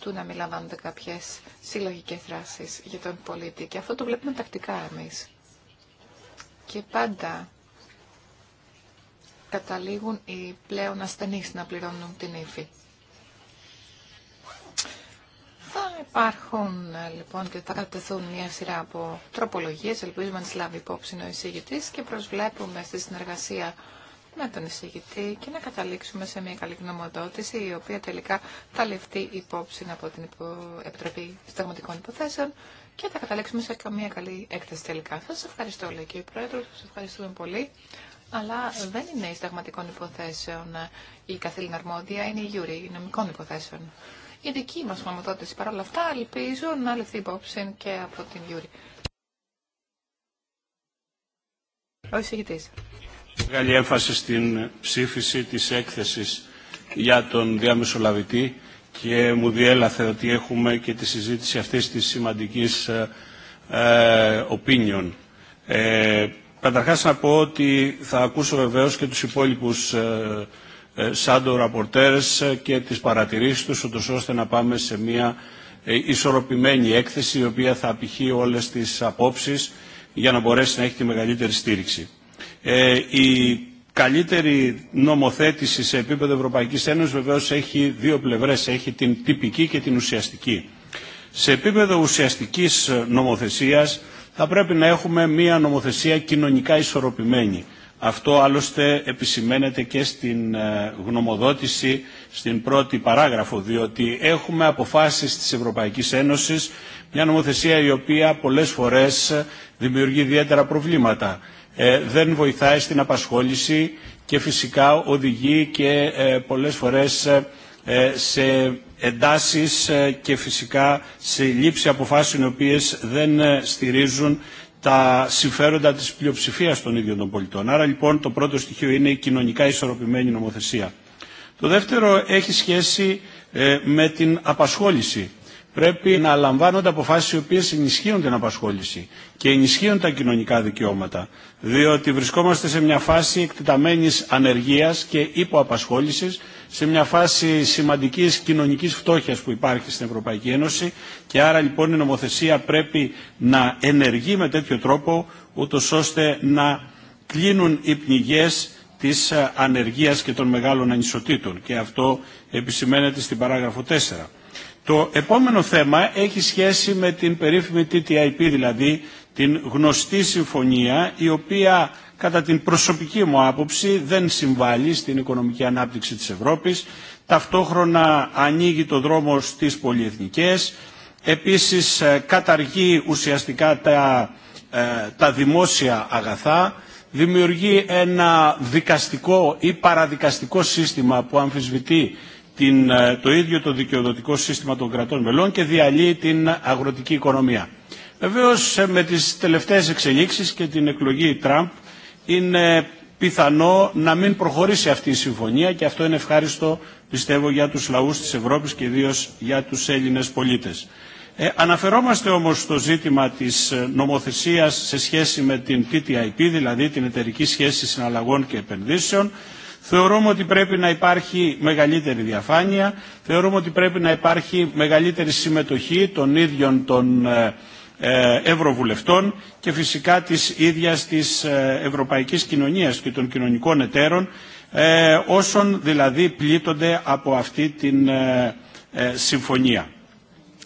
του να μην λαμβάνονται κάποιες συλλογικές δράσεις για τον πολίτη και αυτό το βλέπουμε τακτικά εμείς. Και πάντα καταλήγουν οι πλέον ασθενείς να πληρώνουν την ύφη. Θα υπάρχουν ε, λοιπόν και θα κατευθούν μια σειρά από τροπολογίες, ελπίζουμε να τις λάβει υπόψη ο εισηγητής και προσβλέπουμε στη συνεργασία με τον εισηγητή και να καταλήξουμε σε μια καλή γνωμοδότηση η οποία τελικά θα λεφτεί υπόψη από την Επιτροπή Συνταγματικών Υποθέσεων και θα καταλήξουμε σε μια καλή έκθεση τελικά. Σας ευχαριστώ λέει και Πρόεδρο, σας ευχαριστούμε πολύ αλλά δεν είναι συνταγματικών υποθέσεων η καθήλυνα αρμόδια, είναι η γιούρη νομικών υποθέσεων. Η δική μας γνωμοδότηση παρόλα αυτά ελπίζω να ληφθεί υπόψη και από την γιούρη. Ο εισηγητής. Μεγάλη έμφαση στην ψήφιση της έκθεσης για τον Διάμεσο διαμεσολαβητή και μου διέλαθε ότι έχουμε και τη συζήτηση αυτής της σημαντικής ε, ε opinion. Ε, Καταρχά να πω ότι θα ακούσω βεβαίως και τους υπόλοιπους ε, ε, σάντο ε, και τις παρατηρήσεις τους, ώστε να πάμε σε μια ισορροπημένη έκθεση, η οποία θα απηχεί όλες τις απόψεις για να μπορέσει να έχει τη μεγαλύτερη στήριξη. Η καλύτερη νομοθέτηση σε επίπεδο Ευρωπαϊκής Ένωσης βεβαίως έχει δύο πλευρές, έχει την τυπική και την ουσιαστική. Σε επίπεδο ουσιαστικής νομοθεσίας θα πρέπει να έχουμε μια νομοθεσία κοινωνικά ισορροπημένη. Αυτό άλλωστε επισημαίνεται και στην ε, γνωμοδότηση στην πρώτη παράγραφο, διότι έχουμε αποφάσεις της Ευρωπαϊκής Ένωσης, μια νομοθεσία η οποία πολλές φορές δημιουργεί ιδιαίτερα προβλήματα. Ε, δεν βοηθάει στην απασχόληση και φυσικά οδηγεί και ε, πολλές φορές ε, ε, σε εντάσεις ε, και φυσικά σε λήψη αποφάσεων οι οποίες δεν ε, στηρίζουν τα συμφέροντα της πλειοψηφία των ίδιων των πολιτών. Άρα λοιπόν το πρώτο στοιχείο είναι η κοινωνικά ισορροπημένη νομοθεσία. Το δεύτερο έχει σχέση με την απασχόληση πρέπει να λαμβάνονται αποφάσεις οι οποίες ενισχύουν την απασχόληση και ενισχύουν τα κοινωνικά δικαιώματα, διότι βρισκόμαστε σε μια φάση εκτεταμένης ανεργίας και υποαπασχόλησης, σε μια φάση σημαντικής κοινωνικής φτώχειας που υπάρχει στην Ευρωπαϊκή Ένωση και άρα λοιπόν η νομοθεσία πρέπει να ενεργεί με τέτοιο τρόπο, ούτως ώστε να κλείνουν οι πνιγές της ανεργίας και των μεγάλων ανισοτήτων. Και αυτό επισημαίνεται στην παράγραφο 4. Το επόμενο θέμα έχει σχέση με την περίφημη TTIP, δηλαδή την γνωστή συμφωνία, η οποία κατά την προσωπική μου άποψη δεν συμβάλλει στην οικονομική ανάπτυξη της Ευρώπης, ταυτόχρονα ανοίγει το δρόμο στις πολυεθνικές, επίσης ε, καταργεί ουσιαστικά τα, ε, τα δημόσια αγαθά, δημιουργεί ένα δικαστικό ή παραδικαστικό σύστημα που αμφισβητεί την, ε, το ίδιο το δικαιοδοτικό σύστημα των κρατών μελών και διαλύει την αγροτική οικονομία. Βεβαίως ε, με τις τελευταίες εξελίξεις και την εκλογή Τραμπ είναι πιθανό να μην προχωρήσει αυτή η συμφωνία και αυτό είναι ευχάριστο πιστεύω για τους λαούς της Ευρώπης και ιδίω για τους Έλληνες πολίτες. Ε, αναφερόμαστε όμως στο ζήτημα της νομοθεσίας σε σχέση με την TTIP, δηλαδή την εταιρική σχέση συναλλαγών και επενδύσεων, Θεωρούμε ότι πρέπει να υπάρχει μεγαλύτερη διαφάνεια, θεωρούμε ότι πρέπει να υπάρχει μεγαλύτερη συμμετοχή των ίδιων των ε, ε, ευρωβουλευτών και φυσικά της ίδιας της ε, ευρωπαϊκής κοινωνίας και των κοινωνικών εταίρων όσων δηλαδή πλήττονται από αυτή την συμφωνία.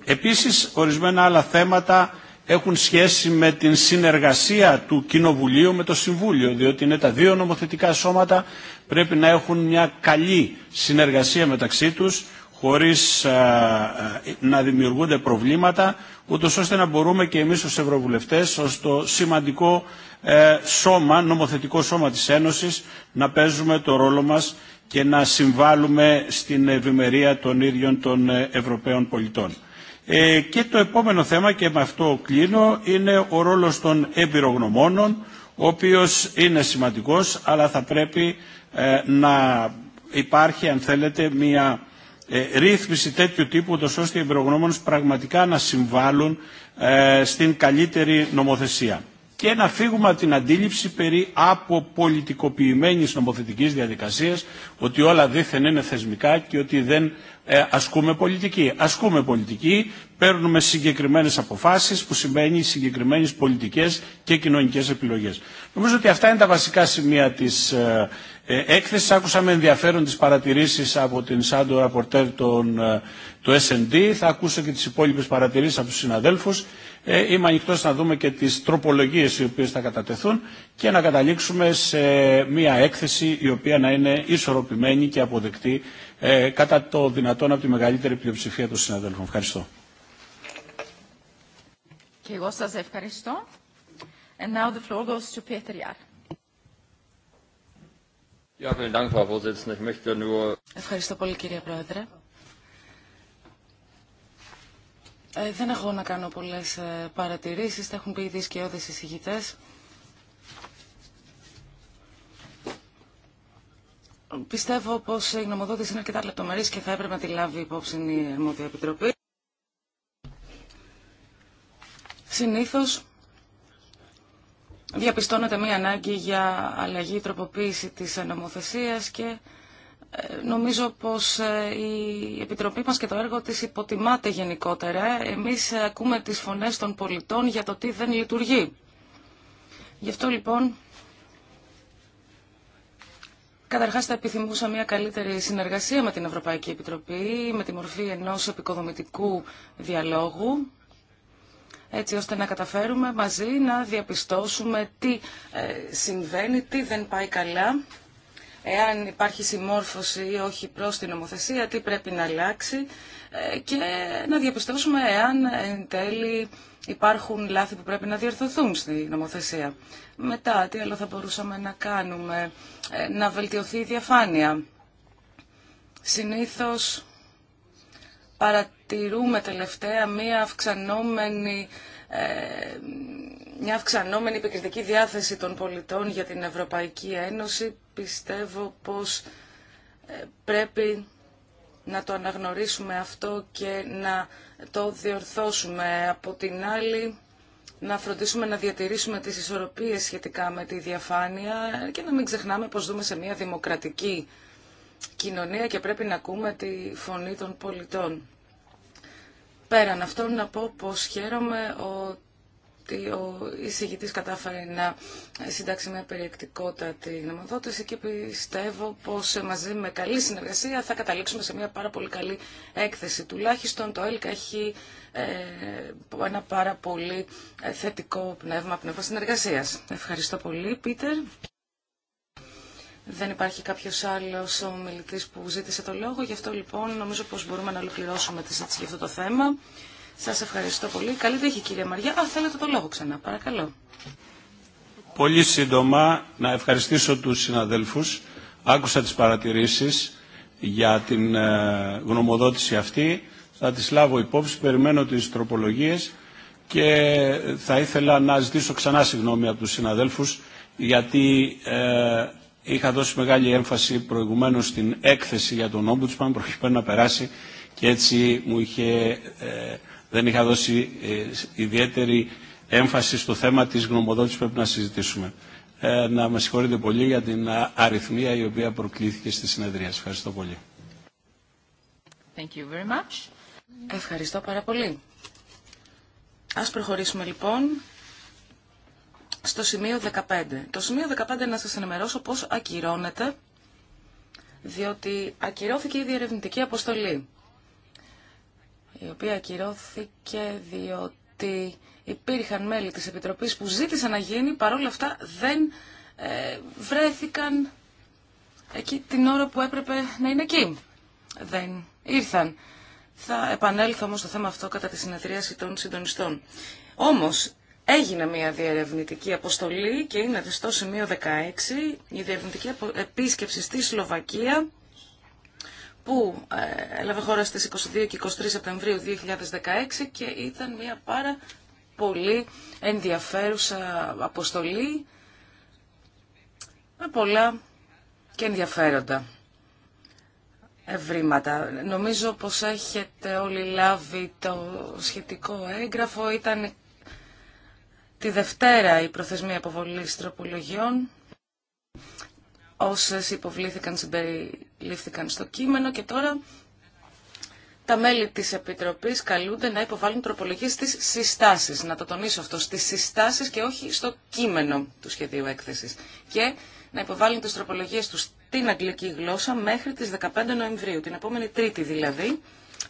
Επίσης, ορισμένα άλλα θέματα έχουν σχέση με την συνεργασία του Κοινοβουλίου με το Συμβούλιο, διότι είναι τα δύο νομοθετικά σώματα, πρέπει να έχουν μια καλή συνεργασία μεταξύ τους, χωρίς να δημιουργούνται προβλήματα, ούτως ώστε να μπορούμε και εμείς ως Ευρωβουλευτές, ως το σημαντικό ε, σώμα, νομοθετικό σώμα της Ένωσης, να παίζουμε το ρόλο μας και να συμβάλλουμε στην ευημερία των ίδιων των ε, Ευρωπαίων πολιτών. Ε, και το επόμενο θέμα και με αυτό κλείνω είναι ο ρόλος των εμπειρογνωμόνων ο οποίος είναι σημαντικός αλλά θα πρέπει ε, να υπάρχει αν θέλετε μια ε, ρύθμιση τέτοιου τύπου ώστε οι εμπειρογνώμονες πραγματικά να συμβάλλουν ε, στην καλύτερη νομοθεσία και να φύγουμε από την αντίληψη περί αποπολιτικοποιημένης νομοθετικής διαδικασίας ότι όλα δήθεν είναι θεσμικά και ότι δεν ε, ασκούμε πολιτική. Ασκούμε πολιτική, παίρνουμε συγκεκριμένες αποφάσεις που σημαίνει συγκεκριμένες πολιτικές και κοινωνικές επιλογές. Νομίζω ότι αυτά είναι τα βασικά σημεία της ε, ε, έκθεση. Άκουσα με ενδιαφέρον τις παρατηρήσεις από την Σάντο Ραπορτέρ ε, του S&D. Θα ακούσω και τις υπόλοιπες παρατηρήσεις από τους συναδέλφους. Ε, είμαι ανοιχτό να δούμε και τις τροπολογίες οι οποίες θα κατατεθούν και να καταλήξουμε σε μια έκθεση η οποία να είναι ισορροπημένη και αποδεκτή ε, κατά το δυνατόν από τη μεγαλύτερη πλειοψηφία των συναδέλφων. Ευχαριστώ. Και εγώ σας ευχαριστώ. And now the floor goes to Peter Ευχαριστώ πολύ κύριε Πρόεδρε. Ε, δεν έχω να κάνω πολλές ε, παρατηρήσεις, τα έχουν πει ήδη σκιώδες εισηγητές. Πιστεύω πως η γνωμοδότηση είναι αρκετά λεπτομερής και θα έπρεπε να τη λάβει υπόψη η Ερμόδια Επιτροπή. Συνήθως διαπιστώνεται μία ανάγκη για αλλαγή, τροποποίηση της νομοθεσίας και ε, νομίζω πως ε, η Επιτροπή μας και το έργο της υποτιμάται γενικότερα. Εμείς ε, ακούμε τις φωνές των πολιτών για το τι δεν λειτουργεί. Γι' αυτό λοιπόν... Καταρχά, θα επιθυμούσα μια καλύτερη συνεργασία με την Ευρωπαϊκή Επιτροπή με τη μορφή ενό επικοδομητικού διαλόγου έτσι ώστε να καταφέρουμε μαζί να διαπιστώσουμε τι ε, συμβαίνει, τι δεν πάει καλά, εάν υπάρχει συμμόρφωση ή όχι προς την νομοθεσία, τι πρέπει να αλλάξει ε, και να διαπιστώσουμε εάν εν τέλει υπάρχουν λάθη που πρέπει να διορθωθούν στη νομοθεσία. Μετά, τι άλλο θα μπορούσαμε να κάνουμε, ε, να βελτιωθεί η διαφάνεια. Συνήθως παρατηρούμε τελευταία μία αυξανόμενη ε, μια αυξανόμενη επικριτική διάθεση των πολιτών για την Ευρωπαϊκή Ένωση. Πιστεύω πως ε, πρέπει να το αναγνωρίσουμε αυτό και να το διορθώσουμε. Από την άλλη, να φροντίσουμε να διατηρήσουμε τις ισορροπίες σχετικά με τη διαφάνεια και να μην ξεχνάμε πως δούμε σε μια δημοκρατική κοινωνία και πρέπει να ακούμε τη φωνή των πολιτών. Πέραν αυτών να πω πως χαίρομαι ότι ο εισηγητής κατάφερε να συντάξει μια περιεκτικότατη γνωμοδότηση και πιστεύω πως μαζί με καλή συνεργασία θα καταλήξουμε σε μια πάρα πολύ καλή έκθεση. Τουλάχιστον το ΕΛΚΑ έχει ε, ένα πάρα πολύ ε, θετικό πνεύμα, πνεύμα συνεργασίας. Ευχαριστώ πολύ, Πίτερ. Δεν υπάρχει κάποιος άλλος ομιλητή που ζήτησε το λόγο, γι' αυτό λοιπόν νομίζω πω μπορούμε να ολοκληρώσουμε τη συζήτηση για αυτό το θέμα. Σα ευχαριστώ πολύ. Καλή τύχη κυρία Μαριά. Α, θέλετε το λόγο ξανά. Παρακαλώ. Πολύ σύντομα να ευχαριστήσω του συναδέλφους. Άκουσα τι παρατηρήσει για την ε, γνωμοδότηση αυτή. Θα τις λάβω υπόψη, περιμένω τις τροπολογίες και θα ήθελα να ζητήσω ξανά συγγνώμη από του συναδέλφους γιατί ε, Είχα δώσει μεγάλη έμφαση προηγουμένως στην έκθεση για τον Ombudsman προκειμένου να περάσει και έτσι μου είχε, ε, δεν είχα δώσει ε, ιδιαίτερη έμφαση στο θέμα της γνωμοδότησης που πρέπει να συζητήσουμε. Ε, να με συγχωρείτε πολύ για την αριθμία η οποία προκλήθηκε στη συνεδρία. Σας ευχαριστώ πολύ. Thank you very much. Ευχαριστώ πάρα πολύ. Ας προχωρήσουμε λοιπόν στο σημείο 15. Το σημείο 15 να σας ενημερώσω πώς ακυρώνεται, διότι ακυρώθηκε η διερευνητική αποστολή, η οποία ακυρώθηκε διότι υπήρχαν μέλη της Επιτροπής που ζήτησαν να γίνει, παρόλα αυτά δεν ε, βρέθηκαν εκεί την ώρα που έπρεπε να είναι εκεί. Δεν ήρθαν. Θα επανέλθω όμως στο θέμα αυτό κατά τη συνεδρίαση των συντονιστών. Όμως, Έγινε μια διερευνητική αποστολή και είναι στο σημείο 16 η διερευνητική επίσκεψη στη Σλοβακία που ε, έλαβε χώρα στις 22 και 23 Σεπτεμβρίου 2016 και ήταν μια πάρα πολύ ενδιαφέρουσα αποστολή με πολλά και ενδιαφέροντα ευρήματα. Νομίζω πως έχετε όλοι λάβει το σχετικό έγγραφο. Ήταν Τη Δευτέρα η προθεσμία αποβολή τροπολογιών. Όσες υποβλήθηκαν συμπεριλήφθηκαν στο κείμενο και τώρα τα μέλη της Επιτροπής καλούνται να υποβάλουν τροπολογίες στις συστάσεις. Να το τονίσω αυτό, στις συστάσεις και όχι στο κείμενο του σχεδίου έκθεσης. Και να υποβάλουν τις τροπολογίες τους στην αγγλική γλώσσα μέχρι τις 15 Νοεμβρίου, την επόμενη Τρίτη δηλαδή,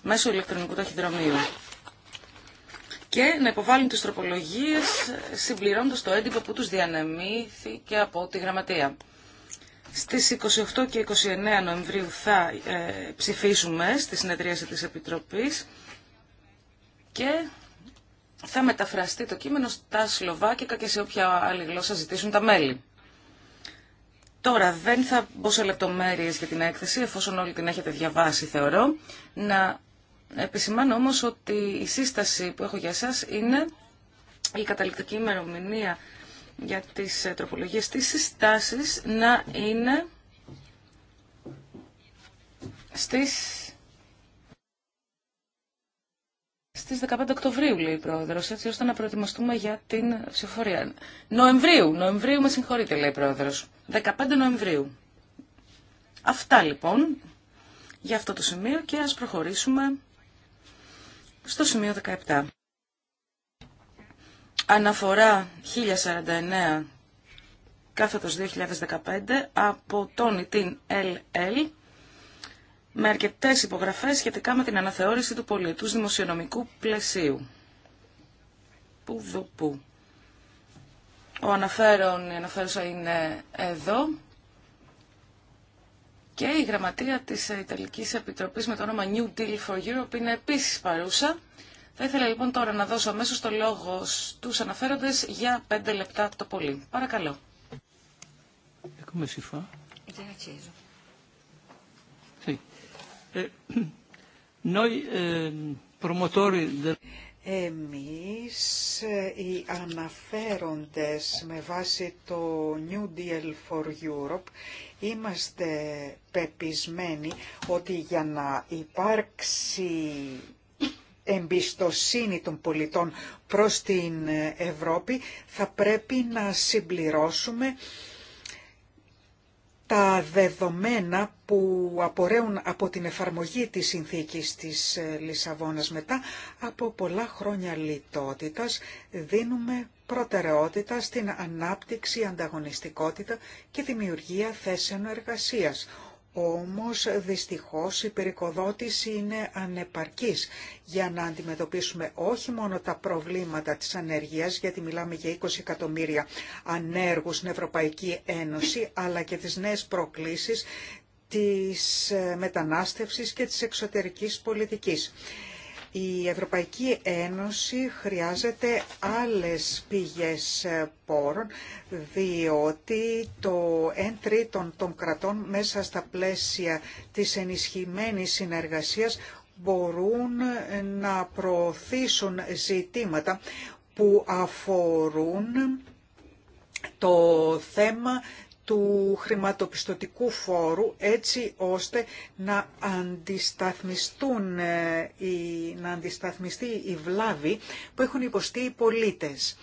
μέσω ηλεκτρονικού ταχυδρομείου και να υποβάλουν τις τροπολογίες συμπληρώνοντας το έντυπο που τους διανεμήθηκε από τη Γραμματεία. Στις 28 και 29 Νοεμβρίου θα ε, ψηφίσουμε στη συνεδρίαση της Επιτροπής και θα μεταφραστεί το κείμενο στα Σλοβάκικα και σε όποια άλλη γλώσσα ζητήσουν τα μέλη. Τώρα δεν θα μπω σε λεπτομέρειες για την έκθεση, εφόσον όλοι την έχετε διαβάσει θεωρώ, να Επισημάνω όμως ότι η σύσταση που έχω για σας είναι η καταληκτική ημερομηνία για τις ε, τροπολογίες της συστάσεις να είναι στις... Στις 15 Οκτωβρίου, λέει η Πρόεδρος, έτσι ώστε να προετοιμαστούμε για την ψηφοφορία. Νοεμβρίου, Νοεμβρίου με συγχωρείτε, λέει η Πρόεδρος. 15 Νοεμβρίου. Αυτά λοιπόν για αυτό το σημείο και ας προχωρήσουμε στο σημείο 17. Αναφορά 1049 κάθετος 2015 από τον την LL με αρκετές υπογραφές σχετικά με την αναθεώρηση του πολιτού δημοσιονομικού πλαισίου. Πού δω πού. Ο αναφέρον, η αναφέρουσα είναι εδώ. Και η γραμματεία της Ιταλικής Επιτροπής με το όνομα New Deal for Europe είναι επίσης παρούσα. Θα ήθελα λοιπόν τώρα να δώσω αμέσως το λόγο στους αναφέροντες για πέντε λεπτά το πολύ. Παρακαλώ. Noi promotori [clears throat] Εμείς ε, οι αναφέροντες με βάση το New Deal for Europe είμαστε πεπισμένοι ότι για να υπάρξει εμπιστοσύνη των πολιτών προς την Ευρώπη θα πρέπει να συμπληρώσουμε τα δεδομένα που απορρέουν από την εφαρμογή της συνθήκης της ε, Λισαβόνας μετά από πολλά χρόνια λιτότητας δίνουμε προτεραιότητα στην ανάπτυξη, ανταγωνιστικότητα και δημιουργία θέσεων εργασίας όμως δυστυχώς η περικοδότηση είναι ανεπαρκής για να αντιμετωπίσουμε όχι μόνο τα προβλήματα της ανεργίας, γιατί μιλάμε για 20 εκατομμύρια ανέργους στην Ευρωπαϊκή Ένωση, αλλά και τις νέες προκλήσεις της μετανάστευσης και της εξωτερικής πολιτικής. Η Ευρωπαϊκή Ένωση χρειάζεται άλλες πηγές ε, πόρων, διότι το 1 τρίτο των κρατών μέσα στα πλαίσια της ενισχυμένης συνεργασίας μπορούν ε, να προωθήσουν ζητήματα που αφορούν το θέμα του χρηματοπιστωτικού φόρου έτσι ώστε να, αντισταθμιστούν, ε, να αντισταθμιστεί η βλάβη που έχουν υποστεί οι πολίτες.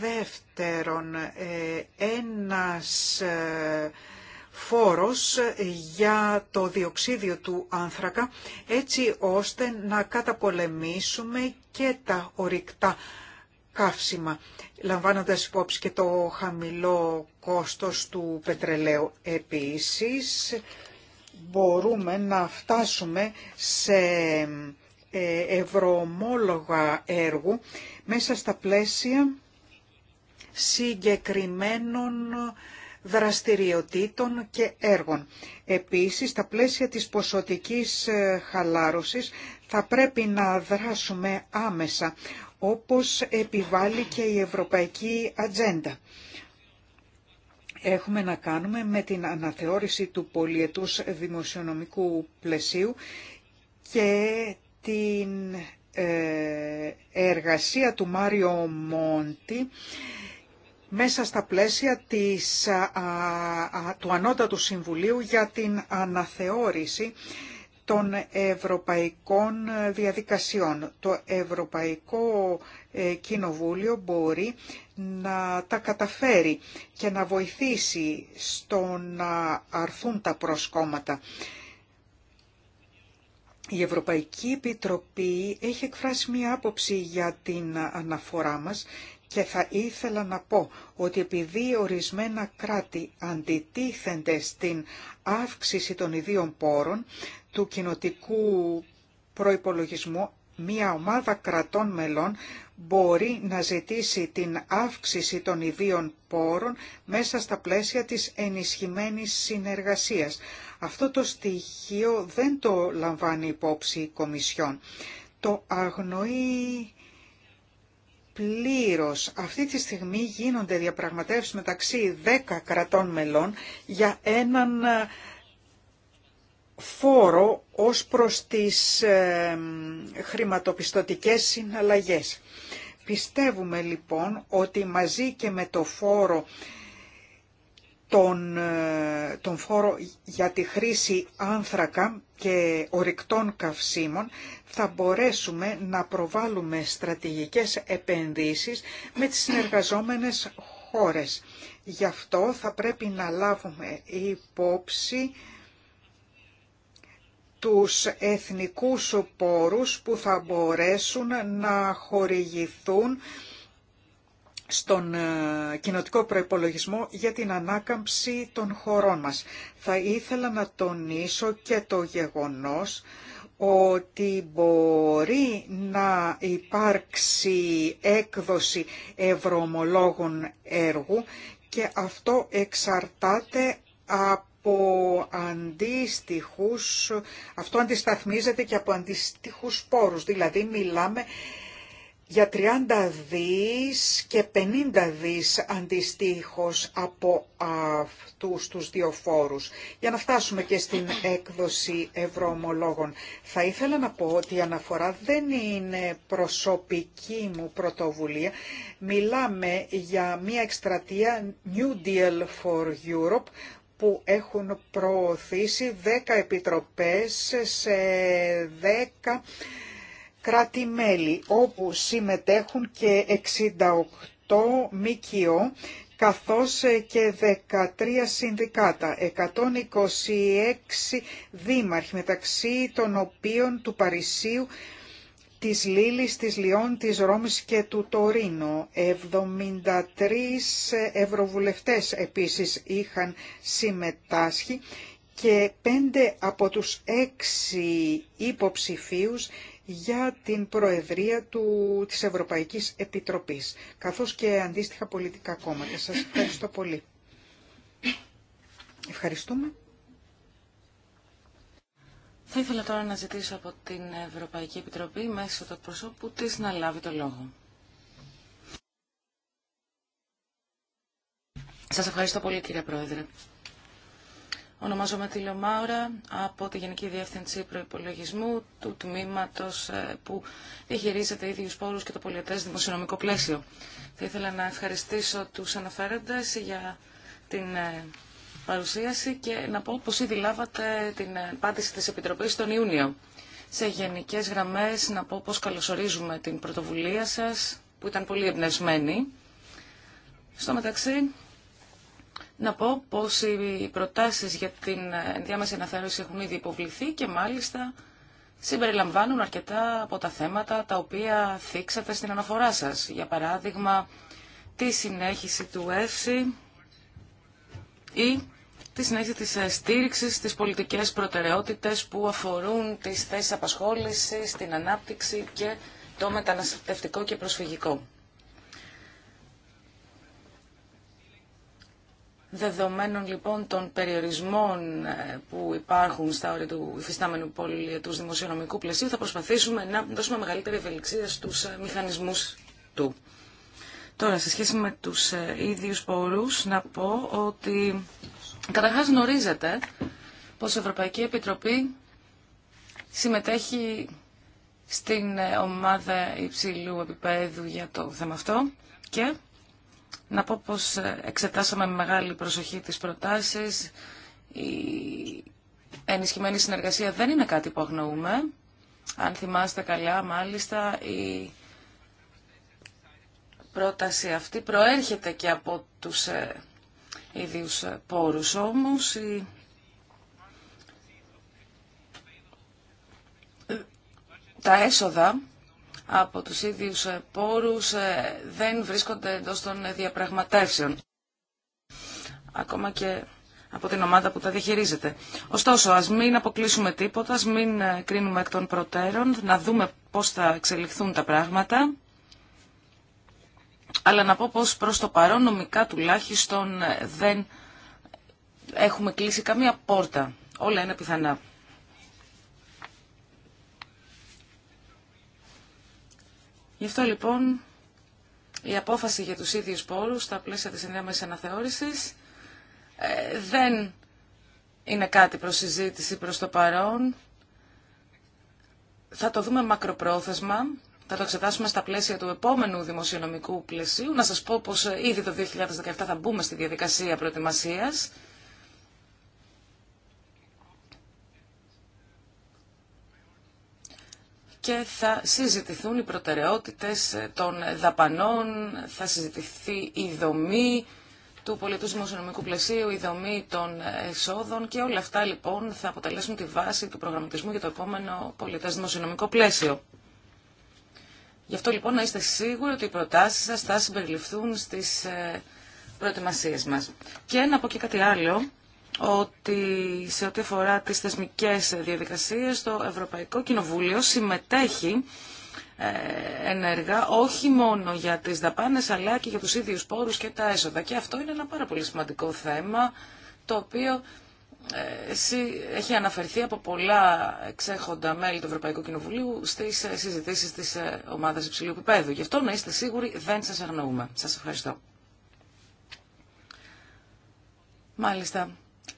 Δεύτερον, ε, ένας ε, φόρος για το διοξίδιο του άνθρακα έτσι ώστε να καταπολεμήσουμε και τα ορυκτά καύσιμα, λαμβάνοντας υπόψη και το χαμηλό κόστος του πετρελαίου. Επίσης, μπορούμε να φτάσουμε σε ε, ευρωομόλογα έργου μέσα στα πλαίσια συγκεκριμένων δραστηριοτήτων και έργων. Επίσης, στα πλαίσια της ποσοτικής ε, χαλάρωσης θα πρέπει να δράσουμε άμεσα, όπως επιβάλλει και η Ευρωπαϊκή Ατζέντα. Έχουμε να κάνουμε με την αναθεώρηση του πολιετούς δημοσιονομικού πλαισίου και την ε, εργασία του Μάριο Μόντι μέσα στα πλαίσια της, του Ανώτατου Συμβουλίου για την αναθεώρηση των ευρωπαϊκών διαδικασιών. Το Ευρωπαϊκό ε, Κοινοβούλιο μπορεί να τα καταφέρει και να βοηθήσει στο να αρθούν τα προσκόμματα. Η Ευρωπαϊκή Επιτροπή έχει εκφράσει μία άποψη για την αναφορά μας και θα ήθελα να πω ότι επειδή ορισμένα κράτη αντιτίθενται στην αύξηση των ιδίων πόρων του κοινοτικού προϋπολογισμού, μία ομάδα κρατών μελών μπορεί να ζητήσει την αύξηση των ιδίων πόρων μέσα στα πλαίσια της ενισχυμένης συνεργασίας. Αυτό το στοιχείο δεν το λαμβάνει υπόψη η Κομισιόν. Το αγνοεί πλήρως. Αυτή τη στιγμή γίνονται διαπραγματεύσεις μεταξύ 10 κρατών μελών για έναν ε, φόρο ως προς τις ε, χρηματοπιστωτικές συναλλαγές. Πιστεύουμε λοιπόν ότι μαζί και με το φόρο ε, τον, φόρο για τη χρήση άνθρακα και ορυκτών καυσίμων θα μπορέσουμε να προβάλλουμε στρατηγικές επενδύσεις με τις συνεργαζόμενες χώρες. Γι' αυτό θα πρέπει να λάβουμε υπόψη τους εθνικούς πόρους που θα μπορέσουν να χορηγηθούν στον ε, κοινοτικό προϋπολογισμό για την ανάκαμψη των χωρών μας. Θα ήθελα να τονίσω και το γεγονός ότι μπορεί να υπάρξει έκδοση ευρωομολόγων έργου και αυτό εξαρτάται από αντίστοιχους, αυτό αντισταθμίζεται και από αντίστοιχους πόρους, δηλαδή μιλάμε για 30 δις και 50 δις αντιστοίχως από αυτούς τους δύο φόρους. Για να φτάσουμε και στην έκδοση ευρωομολόγων. Θα ήθελα να πω ότι η αναφορά δεν είναι προσωπική μου πρωτοβουλία. Μιλάμε για μια εκστρατεία New Deal for Europe που έχουν προωθήσει 10 επιτροπές σε 10 κρατη όπου συμμετέχουν και 68 ΜΚΟ καθώς ε, και 13 συνδικάτα, 126 δήμαρχοι μεταξύ των οποίων του Παρισίου της Λίλης, της Λιών, της Ρώμης και του Τωρίνο. 73 ε, ευρωβουλευτές επίσης είχαν συμμετάσχει και πέντε από τους 6 υποψηφίους για την Προεδρία του, της Ευρωπαϊκής Επιτροπής, καθώς και αντίστοιχα πολιτικά κόμματα. Σας ευχαριστώ πολύ. Ευχαριστούμε. Θα ήθελα τώρα να ζητήσω από την Ευρωπαϊκή Επιτροπή μέσω του προσώπου της να λάβει το λόγο. Σας ευχαριστώ πολύ κύριε Πρόεδρε. Ονομάζομαι Μάουρα από τη Γενική Διεύθυνση Προπολογισμού του τμήματο ε, που διαχειρίζεται ίδιου πόρου και το πολιτέ δημοσιονομικό πλαίσιο. Θα ήθελα να ευχαριστήσω του αναφέροντε για την ε, παρουσίαση και να πω πω ήδη λάβατε την ε, απάντηση τη Επιτροπή τον Ιούνιο. Σε γενικέ γραμμέ να πω πω καλωσορίζουμε την πρωτοβουλία σα που ήταν πολύ εμπνευσμένη. Στο μεταξύ, να πω πως οι προτάσεις για την ενδιάμεση αναθεώρηση έχουν ήδη υποβληθεί και μάλιστα συμπεριλαμβάνουν αρκετά από τα θέματα τα οποία θίξατε στην αναφορά σας. Για παράδειγμα, τη συνέχιση του ΕΦΣΥ ή τη συνέχιση της στήριξης στις πολιτικές προτεραιότητες που αφορούν τις θέσεις απασχόλησης, την ανάπτυξη και το μεταναστευτικό και προσφυγικό. Δεδομένων λοιπόν των περιορισμών ε, που υπάρχουν στα όρια του υφιστάμενου πολιτικού δημοσιονομικού πλαισίου θα προσπαθήσουμε να δώσουμε μεγαλύτερη ευελιξία στους ε, μηχανισμούς του. Τώρα, σε σχέση με τους ε, ίδιους πόρους, να πω ότι καταρχάς γνωρίζετε πως η Ευρωπαϊκή Επιτροπή συμμετέχει στην ομάδα υψηλού επίπεδου για το θέμα αυτό και να πω πως εξετάσαμε με μεγάλη προσοχή τις προτάσεις. Η ενισχυμένη συνεργασία δεν είναι κάτι που αγνοούμε. Αν θυμάστε καλά, μάλιστα, η πρόταση αυτή προέρχεται και από τους ε, ίδιους ε, πόρους. Όμως, ε, τα έσοδα από τους ίδιους ε, πόρους ε, δεν βρίσκονται εντός των ε, διαπραγματεύσεων. Ακόμα και από την ομάδα που τα διαχειρίζεται. Ωστόσο, ας μην αποκλείσουμε τίποτα, ας μην κρίνουμε εκ των προτέρων, να δούμε πώς θα εξελιχθούν τα πράγματα. Αλλά να πω πως προς το παρόν νομικά τουλάχιστον δεν έχουμε κλείσει καμία πόρτα. Όλα είναι πιθανά. Γι' αυτό λοιπόν η απόφαση για τους ίδιους πόρους στα πλαίσια της ενδιάμεσης αναθεώρησης ε, δεν είναι κάτι προς συζήτηση προς το παρόν. Θα το δούμε μακροπρόθεσμα, θα το εξετάσουμε στα πλαίσια του επόμενου δημοσιονομικού πλαισίου. Να σας πω πως ε, ήδη το 2017 θα μπούμε στη διαδικασία προετοιμασίας. και θα συζητηθούν οι προτεραιότητες των δαπανών, θα συζητηθεί η δομή του πολιτού δημοσιονομικού πλαισίου, η δομή των εσόδων και όλα αυτά λοιπόν θα αποτελέσουν τη βάση του προγραμματισμού για το επόμενο πολιτές δημοσιονομικό πλαίσιο. Γι' αυτό λοιπόν να είστε σίγουροι ότι οι προτάσεις σας θα συμπεριληφθούν στις ε, προετοιμασίες μας. Και να πω και κάτι άλλο ότι σε ό,τι αφορά τις θεσμικές διαδικασίες το Ευρωπαϊκό Κοινοβούλιο συμμετέχει ε, ενεργά όχι μόνο για τις δαπάνες αλλά και για τους ίδιους πόρους και τα έσοδα. Και αυτό είναι ένα πάρα πολύ σημαντικό θέμα το οποίο ε, έχει αναφερθεί από πολλά εξέχοντα μέλη του Ευρωπαϊκού Κοινοβουλίου στις ε, συζητήσεις της ομάδας υψηλού επίπεδου. Γι' αυτό να είστε σίγουροι δεν σας αγνοούμε. Σας ευχαριστώ. Μάλιστα.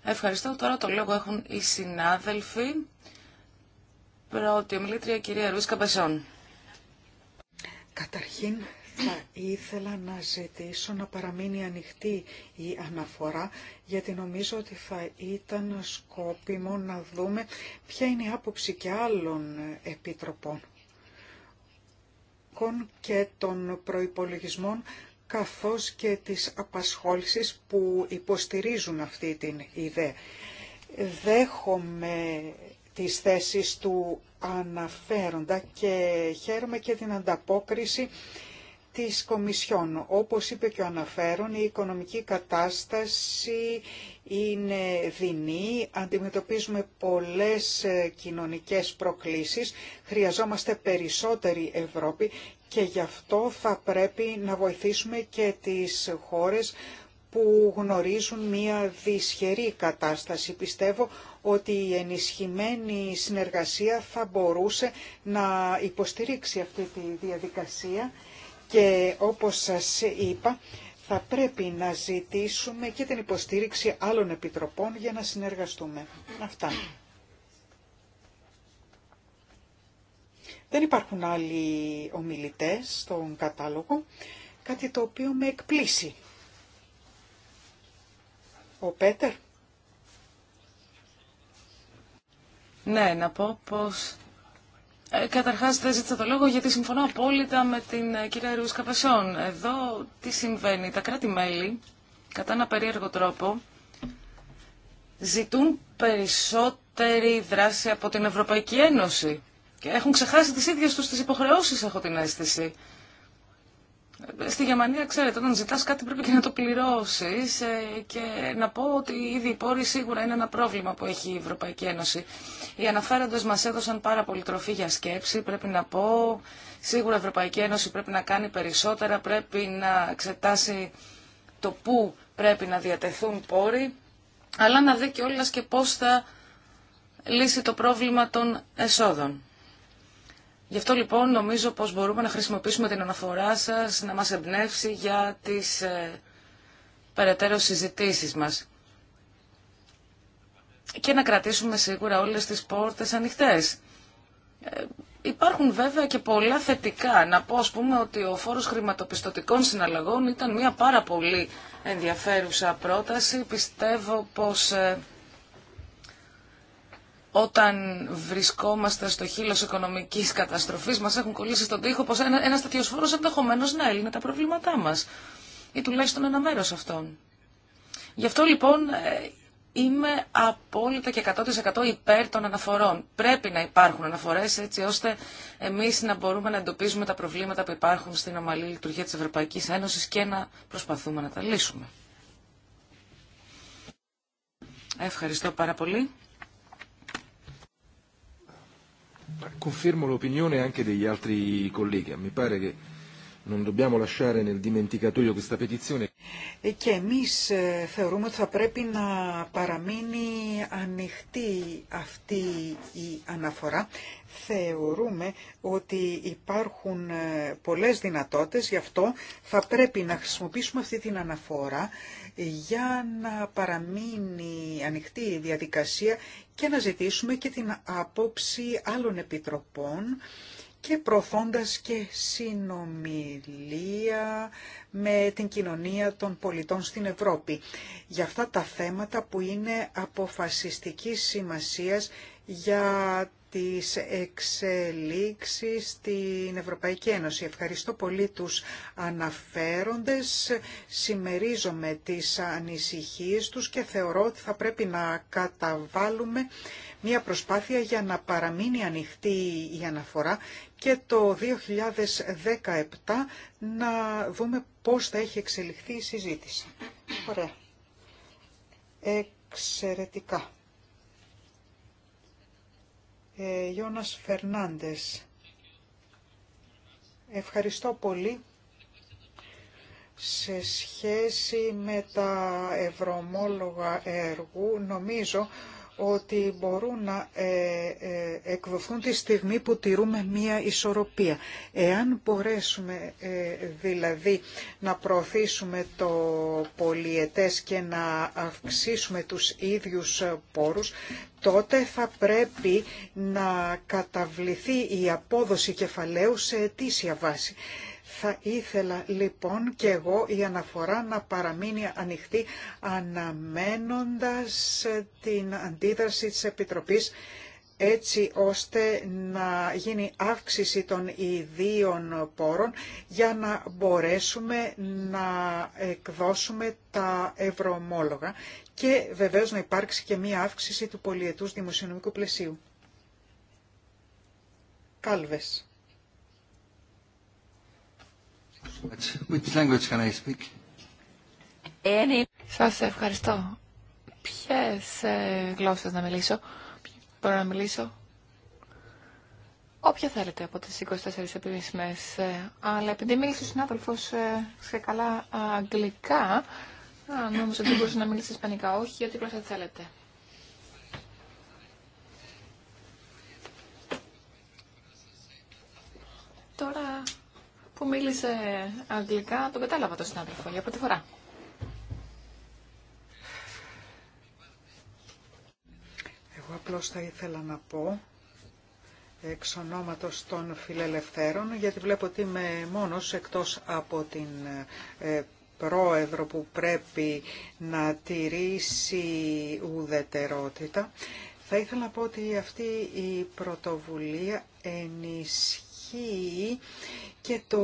Ευχαριστώ. Τώρα το λόγο έχουν οι συνάδελφοι. Πρώτη ομιλήτρια, κυρία Ρούσκα Καμπεσόν. Καταρχήν θα ήθελα να ζητήσω να παραμείνει ανοιχτή η αναφορά γιατί νομίζω ότι θα ήταν σκόπιμο να δούμε ποια είναι η άποψη και άλλων επιτροπών και των προϋπολογισμών καθώς και τις απασχόλησης που υποστηρίζουν αυτή την ιδέα. Δέχομαι τις θέσεις του αναφέροντα και χαίρομαι και την ανταπόκριση της Κομισιόν. Όπως είπε και ο αναφέρον, η οικονομική κατάσταση είναι δεινή, αντιμετωπίζουμε πολλές ε, κοινωνικές προκλήσεις, χρειαζόμαστε περισσότερη Ευρώπη και γι' αυτό θα πρέπει να βοηθήσουμε και τις χώρες που γνωρίζουν μία δυσχερή κατάσταση. Πιστεύω ότι η ενισχυμένη συνεργασία θα μπορούσε να υποστηρίξει αυτή τη διαδικασία και όπως σας είπα θα πρέπει να ζητήσουμε και την υποστήριξη άλλων επιτροπών για να συνεργαστούμε. Αυτά. Δεν υπάρχουν άλλοι ομιλητές στον κατάλογο, κάτι το οποίο με εκπλήσει. Ο Πέτερ. Ναι, να πω πως... Ε, καταρχάς δεν ζήτησα το λόγο γιατί συμφωνώ απόλυτα με την ε, κυρία Ρούσκα Πεσόν. Εδώ τι συμβαίνει. Τα κράτη-μέλη, κατά ένα περίεργο τρόπο, ζητούν περισσότερη δράση από την Ευρωπαϊκή Ένωση. Και έχουν ξεχάσει τις ίδιες τους τις υποχρεώσεις, έχω την αίσθηση. Ε, στη Γερμανία, ξέρετε, όταν ζητάς κάτι πρέπει και να το πληρώσεις ε, και να πω ότι ήδη οι πόροι σίγουρα είναι ένα πρόβλημα που έχει η Ευρωπαϊκή Ένωση. Οι αναφέροντες μας έδωσαν πάρα πολύ τροφή για σκέψη, πρέπει να πω. Σίγουρα η Ευρωπαϊκή Ένωση πρέπει να κάνει περισσότερα, πρέπει να εξετάσει το πού πρέπει να διατεθούν πόροι, αλλά να δει κιόλας και πώς θα λύσει το πρόβλημα των εσόδων. Γι' αυτό λοιπόν νομίζω πως μπορούμε να χρησιμοποιήσουμε την αναφορά σας, να μας εμπνεύσει για τις ε, περαιτέρω συζητήσεις μας. Και να κρατήσουμε σίγουρα όλες τις πόρτες ανοιχτές. Ε, υπάρχουν βέβαια και πολλά θετικά. Να πω ας πούμε ότι ο φόρος χρηματοπιστωτικών συναλλαγών ήταν μια πάρα πολύ ενδιαφέρουσα πρόταση. Πιστεύω πως... Ε, όταν βρισκόμαστε στο χείλο οικονομική καταστροφή μα έχουν κολλήσει στον τοίχο πω ένα, ένας φόρο ενδεχομένω να έλυνε τα προβλήματά μα. ή τουλάχιστον ένα μέρο αυτών. Γι' αυτό λοιπόν ε, είμαι απόλυτα και 100% υπέρ των αναφορών. Πρέπει να υπάρχουν αναφορέ έτσι ώστε εμεί να μπορούμε να εντοπίζουμε τα προβλήματα που υπάρχουν στην ομαλή λειτουργία τη Ευρωπαϊκή Ένωση και να προσπαθούμε να τα λύσουμε. Ευχαριστώ πάρα πολύ. Και εμεί e eh, θεωρούμε ότι θα πρέπει να παραμείνει ανοιχτή αυτή η αναφορά. Θεωρούμε ότι υπάρχουν ε, πολλές δυνατότητες, γι' αυτό θα πρέπει να χρησιμοποιήσουμε αυτή την αναφορά για να παραμείνει ανοιχτή η διαδικασία και να ζητήσουμε και την άποψη άλλων επιτροπών και προωθώντας και συνομιλία με την κοινωνία των πολιτών στην Ευρώπη για αυτά τα θέματα που είναι αποφασιστικής σημασίας για τις εξελίξεις στην Ευρωπαϊκή Ένωση. Ευχαριστώ πολύ τους αναφέροντες, συμμερίζομαι τις ανησυχίες τους και θεωρώ ότι θα πρέπει να καταβάλουμε μια προσπάθεια για να παραμείνει ανοιχτή η αναφορά και το 2017 να δούμε πώς θα έχει εξελιχθεί η συζήτηση. Ωραία. Εξαιρετικά ε, Γιώνας Φερνάντες. Ευχαριστώ πολύ σε σχέση με τα ευρωμόλογα έργου νομίζω ότι μπορούν να ε, ε, εκδοθούν τη στιγμή που τηρούμε μία ισορροπία. Εάν μπορέσουμε ε, δηλαδή να προωθήσουμε το πολιετές και να αυξήσουμε τους ίδιους πόρους, τότε θα πρέπει να καταβληθεί η απόδοση κεφαλαίου σε αιτήσια βάση. Θα ήθελα λοιπόν και εγώ η αναφορά να παραμείνει ανοιχτή αναμένοντας την αντίδραση της Επιτροπής έτσι ώστε να γίνει αύξηση των ιδίων πόρων για να μπορέσουμε να εκδώσουμε τα ευρωομόλογα και βεβαίως να υπάρξει και μία αύξηση του πολιετούς δημοσιονομικού πλαισίου. Κάλβες. Σα Σας ευχαριστώ. Ποιες γλώσσε γλώσσες να μιλήσω. Μπορώ να μιλήσω. Όποια θέλετε από τις 24 επίσημες. Ε, αλλά επειδή μίλησε ο συνάδελφο ε, σε καλά αγγλικά, Α, νόμιζα ότι μπορούσε να μιλήσει ισπανικά. Όχι, γιατί γλώσσα θέλετε. Τώρα που μίλησε αγγλικά, τον κατάλαβα τον συνάδελφο για πρώτη φορά. Εγώ απλώς θα ήθελα να πω εξ ονόματος των φιλελευθέρων, γιατί βλέπω ότι είμαι μόνος εκτός από την ε, πρόεδρο που πρέπει να τηρήσει ουδετερότητα. Θα ήθελα να πω ότι αυτή η πρωτοβουλία ενισχύει και το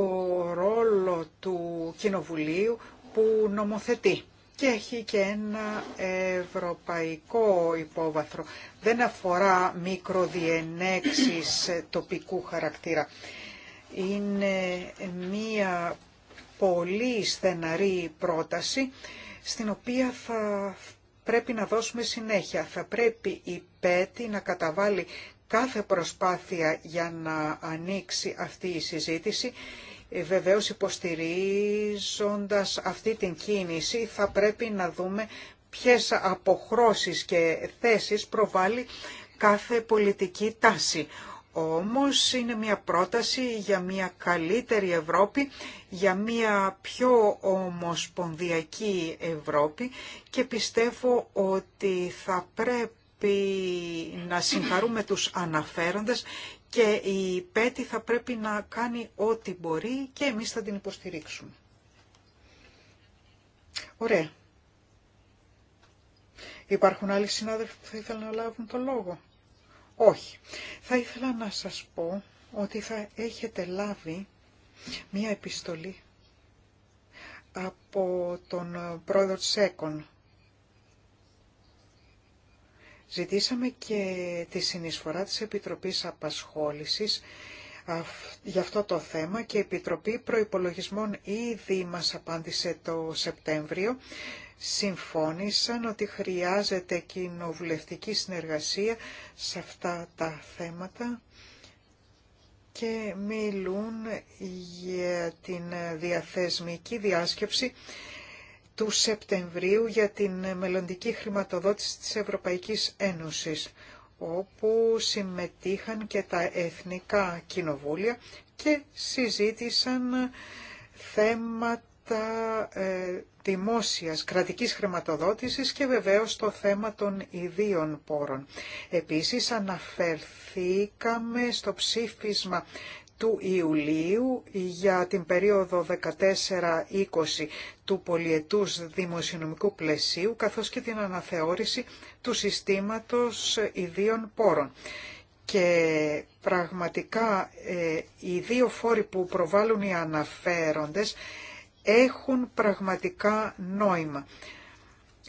ρόλο του Κοινοβουλίου που νομοθετεί και έχει και ένα ευρωπαϊκό υπόβαθρο. Δεν αφορά μικροδιενέξεις τοπικού χαρακτήρα. Είναι μία πολύ στεναρή πρόταση στην οποία θα πρέπει να δώσουμε συνέχεια. Θα πρέπει η ΠΕΤΗ να καταβάλει κάθε προσπάθεια για να ανοίξει αυτή η συζήτηση ε, βεβαίως υποστηρίζοντας αυτή την κίνηση θα πρέπει να δούμε ποιες αποχρώσεις και θέσεις προβάλλει κάθε πολιτική τάση. Όμως είναι μια πρόταση για μια καλύτερη Ευρώπη, για μια πιο ομοσπονδιακή Ευρώπη και πιστεύω ότι θα πρέπει πρέπει να συγχαρούμε τους αναφέροντες και η ΠΕΤΗ θα πρέπει να κάνει ό,τι μπορεί και εμείς θα την υποστηρίξουμε. Ωραία. Υπάρχουν άλλοι συνάδελφοι που θα ήθελαν να λάβουν το λόγο. Όχι. Θα ήθελα να σας πω ότι θα έχετε λάβει μία επιστολή από τον πρόεδρο Τσέκον Ζητήσαμε και τη συνεισφορά της Επιτροπής Απασχόλησης για αυτό το θέμα και η Επιτροπή Προϋπολογισμών ήδη μας απάντησε το Σεπτέμβριο. Συμφώνησαν ότι χρειάζεται κοινοβουλευτική συνεργασία σε αυτά τα θέματα και μιλούν για την διαθεσμική διάσκεψη του Σεπτεμβρίου για την μελλοντική χρηματοδότηση της Ευρωπαϊκής Ένωσης, όπου συμμετείχαν και τα εθνικά κοινοβούλια και συζήτησαν θέματα ε, δημόσιας κρατικής χρηματοδότησης και βεβαίως το θέμα των ιδίων πόρων. Επίσης αναφερθήκαμε στο ψήφισμα του Ιουλίου για την περίοδο 14-20 του πολιετούς δημοσιονομικού πλαισίου καθώς και την αναθεώρηση του συστήματος ιδίων πόρων. Και πραγματικά ε, οι δύο φόροι που προβάλλουν οι αναφέροντες έχουν πραγματικά νόημα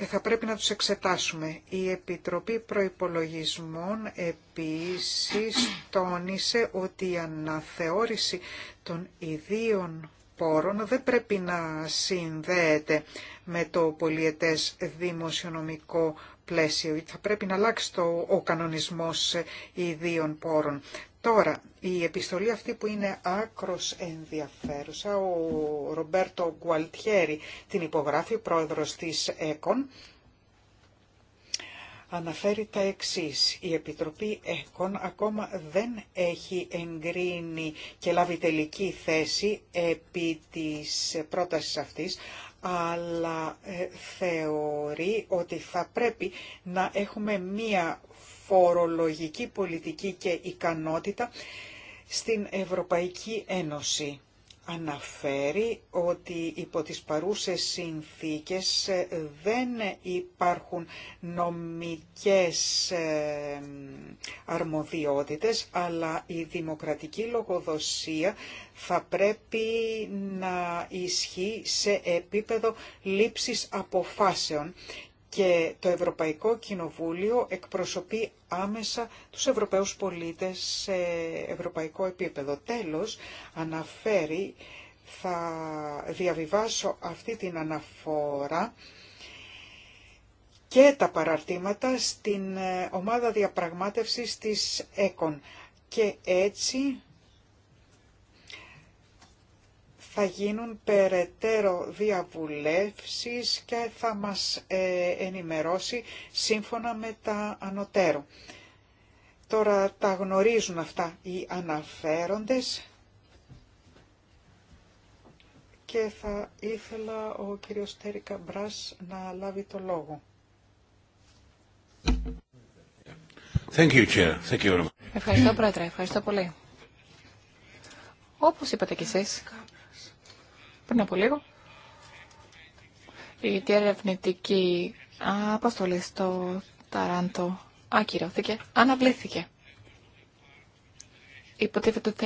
θα πρέπει να τους εξετάσουμε. Η Επιτροπή Προϋπολογισμών επίσης τόνισε ότι η αναθεώρηση των ιδίων πόρων δεν πρέπει να συνδέεται με το πολιετές δημοσιονομικό πλαίσιο. Θα πρέπει να αλλάξει το, ο κανονισμός ιδίων πόρων. Τώρα, η επιστολή αυτή που είναι άκρος ενδιαφέρουσα, ο Ρομπέρτο Γκουαλτιέρη την υπογράφει, πρόεδρος της ΕΚΟΝ, αναφέρει τα εξής. Η Επιτροπή ΕΚΟΝ ακόμα δεν έχει εγκρίνει και λάβει τελική θέση επί της πρότασης αυτής, αλλά ε, θεωρεί ότι θα πρέπει να έχουμε μία φορολογική πολιτική και ικανότητα στην Ευρωπαϊκή Ένωση. Αναφέρει ότι υπό τις παρούσες συνθήκες ε, δεν υπάρχουν νομικές ε, αρμοδιότητες, αλλά η δημοκρατική λογοδοσία θα πρέπει να ισχύει σε επίπεδο λήψης αποφάσεων και το Ευρωπαϊκό Κοινοβούλιο εκπροσωπεί άμεσα τους Ευρωπαίους πολίτες σε ευρωπαϊκό επίπεδο. Τέλος, αναφέρει, θα διαβιβάσω αυτή την αναφορά και τα παραρτήματα στην ε, ομάδα διαπραγμάτευσης της ΕΚΟΝ και έτσι θα γίνουν περαιτέρω διαβουλεύσεις και θα μας ε, ενημερώσει σύμφωνα με τα ανωτέρω. Τώρα τα γνωρίζουν αυτά οι αναφέροντες και θα ήθελα ο κύριος Τέρικα Μπράς να λάβει το λόγο. Thank you, Thank you. Ευχαριστώ, Πρόεδρε. Ευχαριστώ πολύ. Όπως είπατε κι εσείς, πριν από λίγο, η διερευνητική αποστολή στο Ταράντο ακυρώθηκε, αναβλήθηκε. Υποτίθεται ότι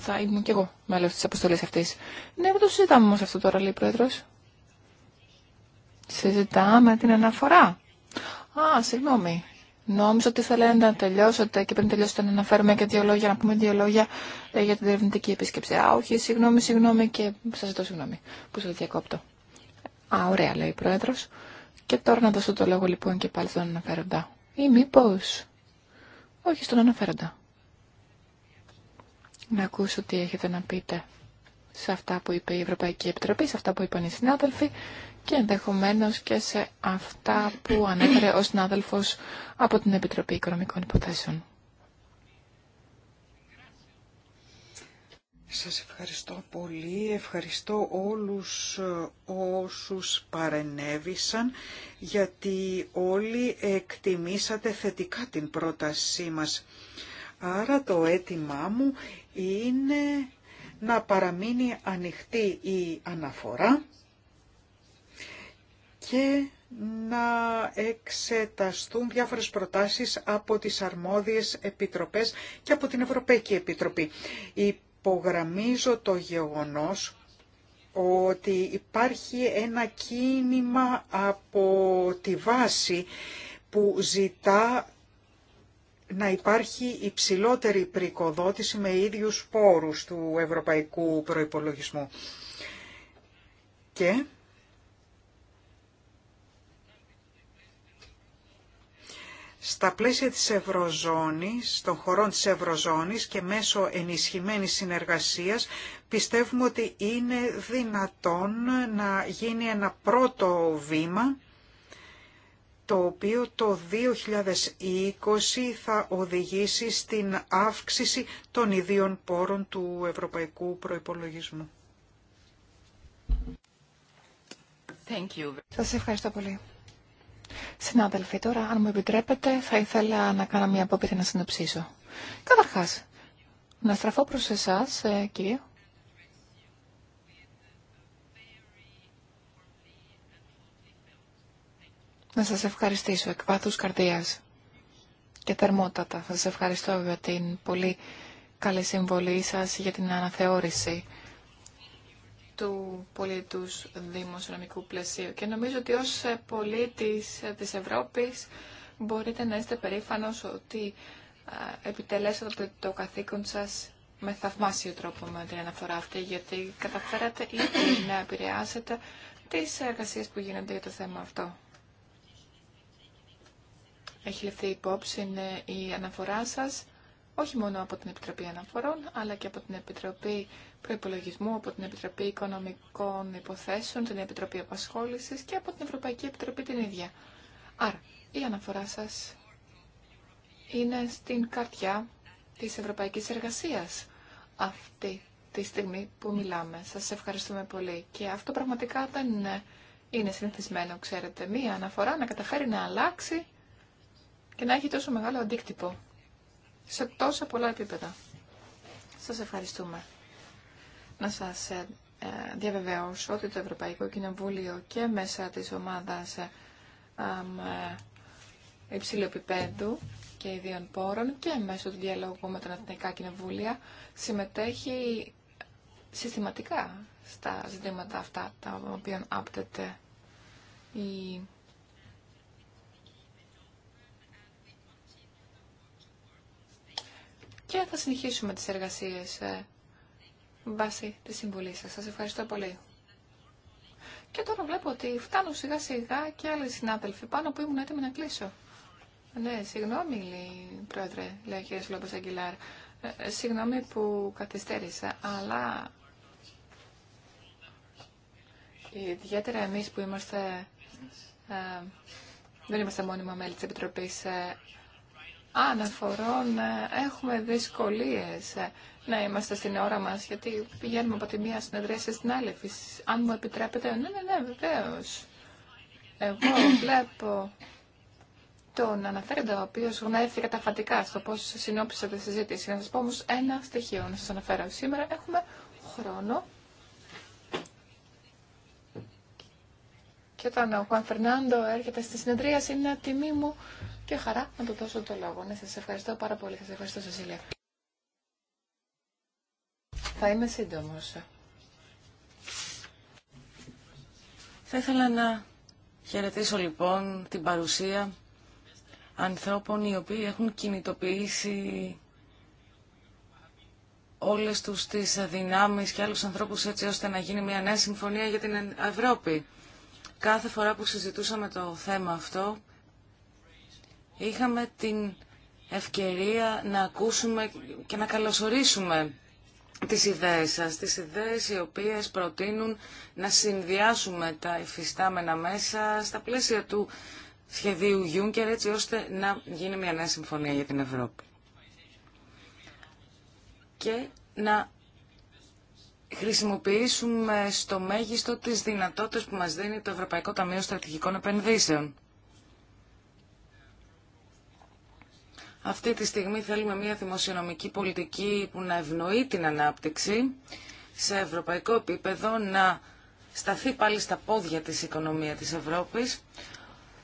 θα ήμουν κι εγώ μέλο τη αποστολή αυτή. Ναι, δεν το συζητάμε όμω αυτό τώρα, λέει ο πρόεδρο. Συζητάμε την αναφορά. Α, συγγνώμη. Νόμιζα ότι θα λένε να τελειώσετε και πριν τελειώσετε να αναφέρουμε και δύο λόγια, να πούμε δύο λόγια ε, για την ερευνητική επίσκεψη. Α, όχι, συγγνώμη, συγγνώμη και σα ζητώ συγγνώμη που σα διακόπτω. Α, ωραία, λέει ο πρόεδρο. Και τώρα να δώσω το λόγο λοιπόν και πάλι στον αναφέροντα. Ή μήπω. Όχι, στον αναφέροντα. Να ακούσω τι έχετε να πείτε σε αυτά που είπε η Ευρωπαϊκή Επιτροπή, σε αυτά που είπαν οι συνάδελφοι και ενδεχομένω και σε αυτά που ανέφερε ο συνάδελφο από την Επιτροπή Οικονομικών Υποθέσεων. Σας ευχαριστώ πολύ. Ευχαριστώ όλους όσους παρενέβησαν, γιατί όλοι εκτιμήσατε θετικά την πρότασή μας. Άρα το αίτημά μου είναι να παραμείνει ανοιχτή η αναφορά και να εξεταστούν διάφορες προτάσεις από τις αρμόδιες επιτροπές και από την Ευρωπαϊκή Επιτροπή. Υπογραμμίζω το γεγονός ότι υπάρχει ένα κίνημα από τη βάση που ζητά να υπάρχει υψηλότερη πρικοδότηση με ίδιους πόρους του ευρωπαϊκού προϋπολογισμού. Και Στα πλαίσια της Ευρωζώνης, των χωρών της Ευρωζώνης και μέσω ενισχυμένης συνεργασίας πιστεύουμε ότι είναι δυνατόν να γίνει ένα πρώτο βήμα το οποίο το 2020 θα οδηγήσει στην αύξηση των ιδίων πόρων του Ευρωπαϊκού Προϋπολογισμού. Thank Σας ευχαριστώ πολύ. Συνάδελφοι, τώρα, αν μου επιτρέπετε, θα ήθελα να κάνω μια απόπειρα να συνοψίσω. Καταρχάς, να στραφώ προς εσάς, ε, κύριε. Να σας ευχαριστήσω εκ βάθους καρδίας και θερμότατα. Θα σας ευχαριστώ για την πολύ καλή συμβολή σας για την αναθεώρηση του πολίτους δημοσιονομικού πλαισίου. Και νομίζω ότι ως πολίτης της Ευρώπης μπορείτε να είστε περήφανος ότι επιτελέσατε το καθήκον σας με θαυμάσιο τρόπο με την αναφορά αυτή, γιατί καταφέρατε ήδη [coughs] να επηρεάσετε τις εργασίες που γίνονται για το θέμα αυτό. Έχει λεφθεί υπόψη ναι, η αναφορά σας, όχι μόνο από την Επιτροπή Αναφορών, αλλά και από την Επιτροπή Προπολογισμού από την Επιτροπή Οικονομικών Υποθέσεων, την Επιτροπή Απασχόλησης και από την Ευρωπαϊκή Επιτροπή την ίδια. Άρα, η αναφορά σας είναι στην καρδιά της Ευρωπαϊκής Εργασίας αυτή τη στιγμή που μιλάμε. Σας ευχαριστούμε πολύ. Και αυτό πραγματικά δεν είναι συνηθισμένο, ξέρετε. Μία αναφορά να καταφέρει να αλλάξει και να έχει τόσο μεγάλο αντίκτυπο σε τόσα πολλά επίπεδα. Σας ευχαριστούμε να σας ε, ε, διαβεβαιώσω ότι το Ευρωπαϊκό Κοινοβούλιο και μέσα της ομάδας ε, υψηλού και ιδίων πόρων και μέσω του διαλόγου με τα Εθνικά Κοινοβούλια συμμετέχει συστηματικά στα ζητήματα αυτά τα οποία άπτεται η και θα συνεχίσουμε τις εργασίες βάσει τη συμβουλή σας. Σας ευχαριστώ πολύ. Και τώρα βλέπω ότι φτάνουν σιγά σιγά και άλλοι συνάδελφοι πάνω που ήμουν έτοιμοι να κλείσω. Ναι, συγγνώμη, λέει, πρόεδρε, λέει ο κ. Λόμπος Αγγιλάρ. Ε, ε, συγγνώμη που καθυστέρησα, αλλά ιδιαίτερα εμείς που είμαστε, ε, δεν είμαστε μόνιμα μέλη της Επιτροπής ε, Αναφορών, έχουμε δυσκολίες να είμαστε στην ώρα μα γιατί πηγαίνουμε από τη μία συνεδρία στην άλλη. Αν μου επιτρέπετε, ναι, ναι, ναι, βεβαίω. Εγώ βλέπω τον αναφέροντα, ο οποίος γνέφει καταφατικά στο πώ συνόψισε τη συζήτηση. Να σα πω όμω ένα στοιχείο να σα αναφέρω. Σήμερα έχουμε χρόνο. Και όταν ο Χουάν Φερνάντο έρχεται στη συνεδρία είναι τιμή μου και χαρά να του δώσω το λόγο. Ναι, σας ευχαριστώ πάρα πολύ. σα ευχαριστώ, Σεσίλια. Θα είμαι σύντομος. Θα ήθελα να χαιρετήσω λοιπόν την παρουσία ανθρώπων οι οποίοι έχουν κινητοποιήσει όλες τους τις δυνάμεις και άλλους ανθρώπους έτσι ώστε να γίνει μια νέα συμφωνία για την Ευρώπη. Κάθε φορά που συζητούσαμε το θέμα αυτό, είχαμε την ευκαιρία να ακούσουμε και να καλωσορίσουμε τις ιδέες σας, τις ιδέες οι οποίες προτείνουν να συνδυάσουμε τα εφιστάμενα μέσα στα πλαίσια του σχεδίου Juncker έτσι ώστε να γίνει μια νέα συμφωνία για την Ευρώπη. Και να χρησιμοποιήσουμε στο μέγιστο τις δυνατότητες που μας δίνει το Ευρωπαϊκό Ταμείο Στρατηγικών Επενδύσεων. Αυτή τη στιγμή θέλουμε μια δημοσιονομική πολιτική που να ευνοεί την ανάπτυξη σε ευρωπαϊκό επίπεδο, να σταθεί πάλι στα πόδια της οικονομία της Ευρώπης.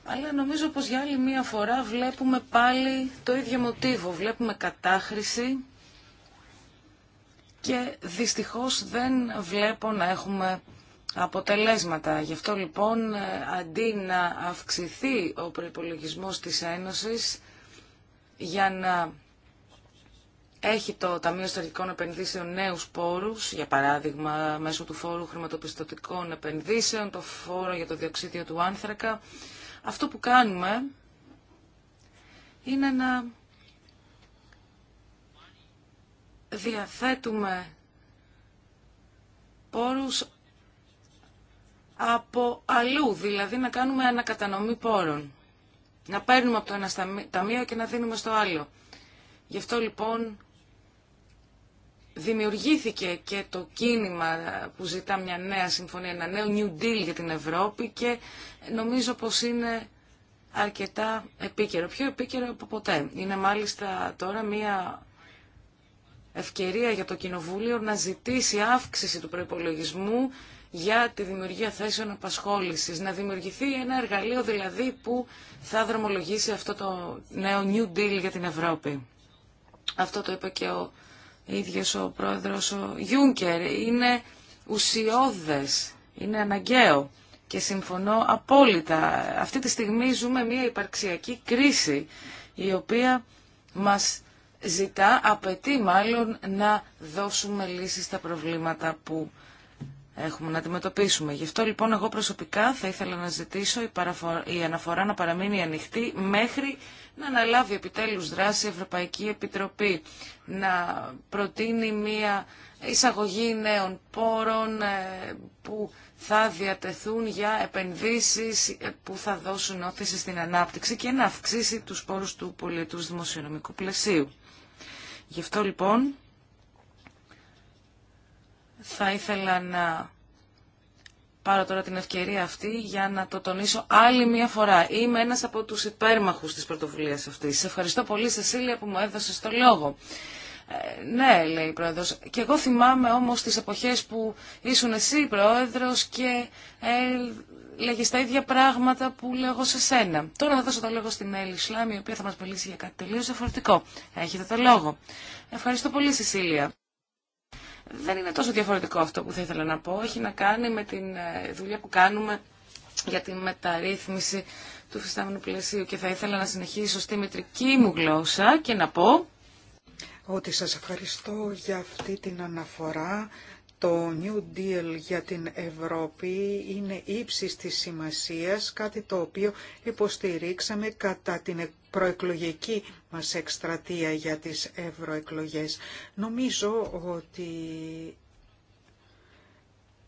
Αλλά νομίζω πως για άλλη μία φορά βλέπουμε πάλι το ίδιο μοτίβο. Βλέπουμε κατάχρηση και δυστυχώς δεν βλέπω να έχουμε αποτελέσματα. Γι' αυτό λοιπόν ε, αντί να αυξηθεί ο προϋπολογισμός της Ένωσης για να έχει το Ταμείο Στρατηγικών Επενδύσεων νέους πόρους, για παράδειγμα μέσω του φόρου χρηματοπιστωτικών επενδύσεων, το φόρο για το διοξίδιο του άνθρακα. Αυτό που κάνουμε είναι να διαθέτουμε πόρους από αλλού, δηλαδή να κάνουμε ανακατανομή πόρων να παίρνουμε από το ένα ταμείο και να δίνουμε στο άλλο. Γι' αυτό λοιπόν δημιουργήθηκε και το κίνημα που ζητά μια νέα συμφωνία, ένα νέο New Deal για την Ευρώπη και νομίζω πως είναι αρκετά επίκαιρο, πιο επίκαιρο από ποτέ. Είναι μάλιστα τώρα μια ευκαιρία για το Κοινοβούλιο να ζητήσει αύξηση του προϋπολογισμού για τη δημιουργία θέσεων απασχόληση, Να δημιουργηθεί ένα εργαλείο δηλαδή που θα δρομολογήσει αυτό το νέο New Deal για την Ευρώπη. Αυτό το είπε και ο ίδιο ο πρόεδρο ο Γιούνκερ. Είναι ουσιώδε, είναι αναγκαίο και συμφωνώ απόλυτα. Αυτή τη στιγμή ζούμε μια υπαρξιακή κρίση η οποία μας ζητά, απαιτεί μάλλον να δώσουμε λύσεις στα προβλήματα που έχουμε να αντιμετωπίσουμε. Γι' αυτό λοιπόν εγώ προσωπικά θα ήθελα να ζητήσω η, η αναφορά να παραμείνει ανοιχτή μέχρι να αναλάβει επιτέλους δράση η Ευρωπαϊκή Επιτροπή, να προτείνει μια εισαγωγή νέων πόρων ε, που θα διατεθούν για επενδύσεις ε, που θα δώσουν όθηση στην ανάπτυξη και να αυξήσει τους πόρους του πολιτούς δημοσιονομικού πλαισίου. Γι' αυτό λοιπόν θα ήθελα να πάρω τώρα την ευκαιρία αυτή για να το τονίσω άλλη μια φορά. Είμαι ένας από τους υπέρμαχους της πρωτοβουλίας αυτής. Σε ευχαριστώ πολύ Σεσίλια που μου έδωσες το λόγο. Ε, ναι, λέει η πρόεδρος. Και εγώ θυμάμαι όμως τις εποχές που ήσουν εσύ πρόεδρος και ε, τα ίδια πράγματα που λέγω σε σένα. Τώρα θα δώσω το λόγο στην Έλλη Σλάμ, η οποία θα μας μιλήσει για κάτι τελείως διαφορετικό. Έχετε το λόγο. Ευχαριστώ πολύ Σεσίλια δεν είναι τόσο διαφορετικό αυτό που θα ήθελα να πω. Έχει να κάνει με τη ε, δουλειά που κάνουμε για τη μεταρρύθμιση του φυστάμενου πλαισίου και θα ήθελα να συνεχίσω στη μητρική μου γλώσσα και να πω ότι σας ευχαριστώ για αυτή την αναφορά το New Deal για την Ευρώπη είναι ύψης της σημασίας, κάτι το οποίο υποστηρίξαμε κατά την προεκλογική μας εκστρατεία για τις ευρωεκλογές. Νομίζω ότι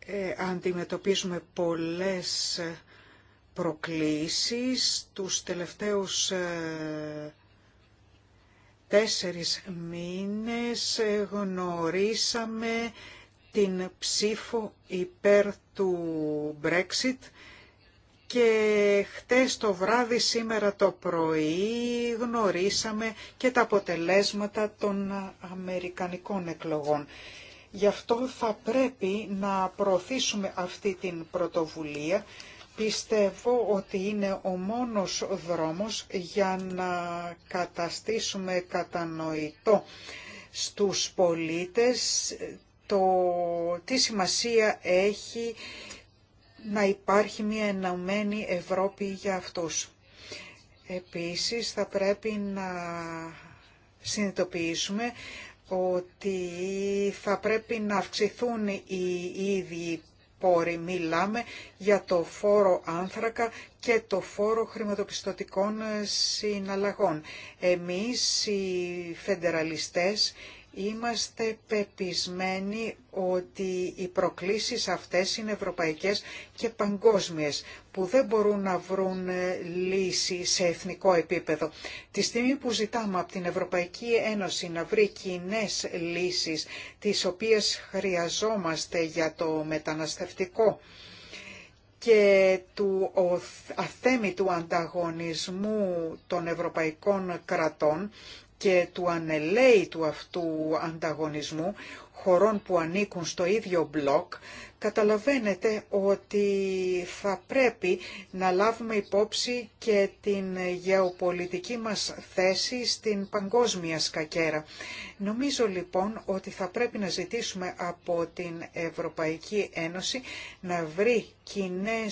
ε, αντιμετωπίζουμε πολλές προκλήσεις τους τελευταίους ε, τέσσερις μήνες ε, γνωρίσαμε την ψήφο υπέρ του Brexit και χτες το βράδυ, σήμερα το πρωί, γνωρίσαμε και τα αποτελέσματα των Αμερικανικών εκλογών. Γι' αυτό θα πρέπει να προωθήσουμε αυτή την πρωτοβουλία. Πιστεύω ότι είναι ο μόνος δρόμος για να καταστήσουμε κατανοητό στους πολίτες το τι σημασία έχει να υπάρχει μια ενωμένη Ευρώπη για αυτούς. Επίσης θα πρέπει να συνειδητοποιήσουμε ότι θα πρέπει να αυξηθούν οι ίδιοι πόροι. Μιλάμε για το φόρο άνθρακα και το φόρο χρηματοπιστωτικών συναλλαγών. Εμείς οι φεντεραλιστές Είμαστε πεπισμένοι ότι οι προκλήσεις αυτές είναι ευρωπαϊκές και παγκόσμιες που δεν μπορούν να βρουν ε, λύση σε εθνικό επίπεδο. Τη στιγμή που ζητάμε από την Ευρωπαϊκή Ένωση να βρει κοινέ λύσεις τις οποίες χρειαζόμαστε για το μεταναστευτικό και του αθέμητου ανταγωνισμού των ευρωπαϊκών κρατών και του του αυτού ανταγωνισμού χωρών που ανήκουν στο ίδιο μπλοκ, καταλαβαίνετε ότι θα πρέπει να λάβουμε υπόψη και την γεωπολιτική μας θέση στην παγκόσμια σκακέρα. Νομίζω λοιπόν ότι θα πρέπει να ζητήσουμε από την Ευρωπαϊκή Ένωση να βρει κοινέ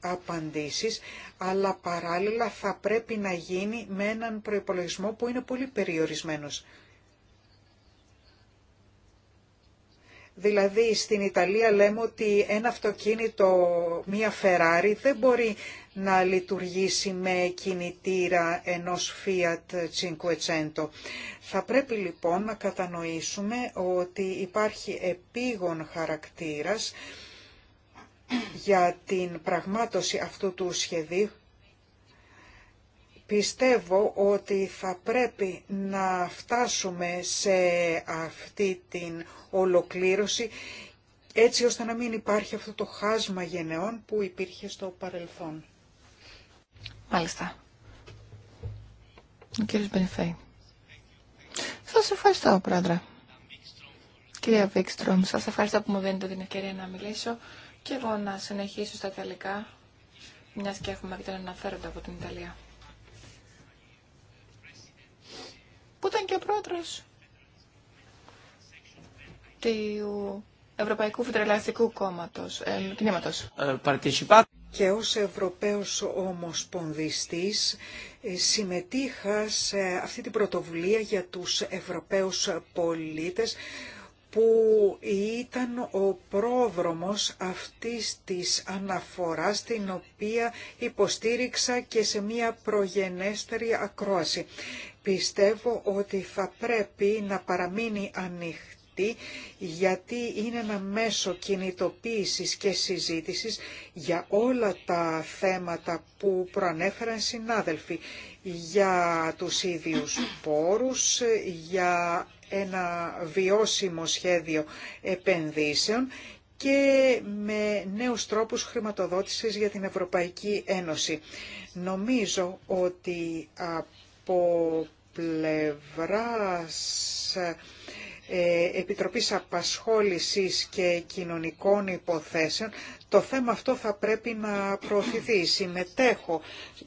απαντήσεις, αλλά παράλληλα θα πρέπει να γίνει με έναν προϋπολογισμό που είναι πολύ περιορισμένος. Δηλαδή στην Ιταλία λέμε ότι ένα αυτοκίνητο, μία Φεράρι, δεν μπορεί να λειτουργήσει με κινητήρα ενός Fiat Cinquecento. Θα πρέπει λοιπόν να κατανοήσουμε ότι υπάρχει επίγον χαρακτήρας για την πραγμάτωση αυτού του σχεδίου πιστεύω ότι θα πρέπει να φτάσουμε σε αυτή την ολοκλήρωση έτσι ώστε να μην υπάρχει αυτό το χάσμα γενεών που υπήρχε στο παρελθόν. Μάλιστα. Ο κύριος Μπενιφέη. Σας ευχαριστώ, πρόεδρε. Κυρία Βίξτρομ, σας ευχαριστώ που μου δίνετε την ευκαιρία να μιλήσω και εγώ να συνεχίσω στα Ιταλικά, μιας και έχουμε και τον αναφέροντα από την Ιταλία. Που ήταν και ο πρόεδρος του Ευρωπαϊκού Φιτρελαστικού Κόμματος, ε, Και ως Ευρωπαίος Ομοσπονδιστής ε, συμμετείχα σε αυτή την πρωτοβουλία για τους Ευρωπαίους πολίτες που ήταν ο πρόδρομος αυτής της αναφοράς την οποία υποστήριξα και σε μια προγενέστερη ακρόαση. Πιστεύω ότι θα πρέπει να παραμείνει ανοιχτή γιατί είναι ένα μέσο κινητοποίησης και συζήτησης για όλα τα θέματα που προανέφεραν συνάδελφοι, για τους ίδιους πόρους, για ένα βιώσιμο σχέδιο επενδύσεων και με νέους τρόπους χρηματοδότησης για την Ευρωπαϊκή Ένωση. Νομίζω ότι από πλευράς ε, Επιτροπής Απασχόλησης και Κοινωνικών Υποθέσεων, το θέμα αυτό θα πρέπει να προωθηθεί. Συμμετέχω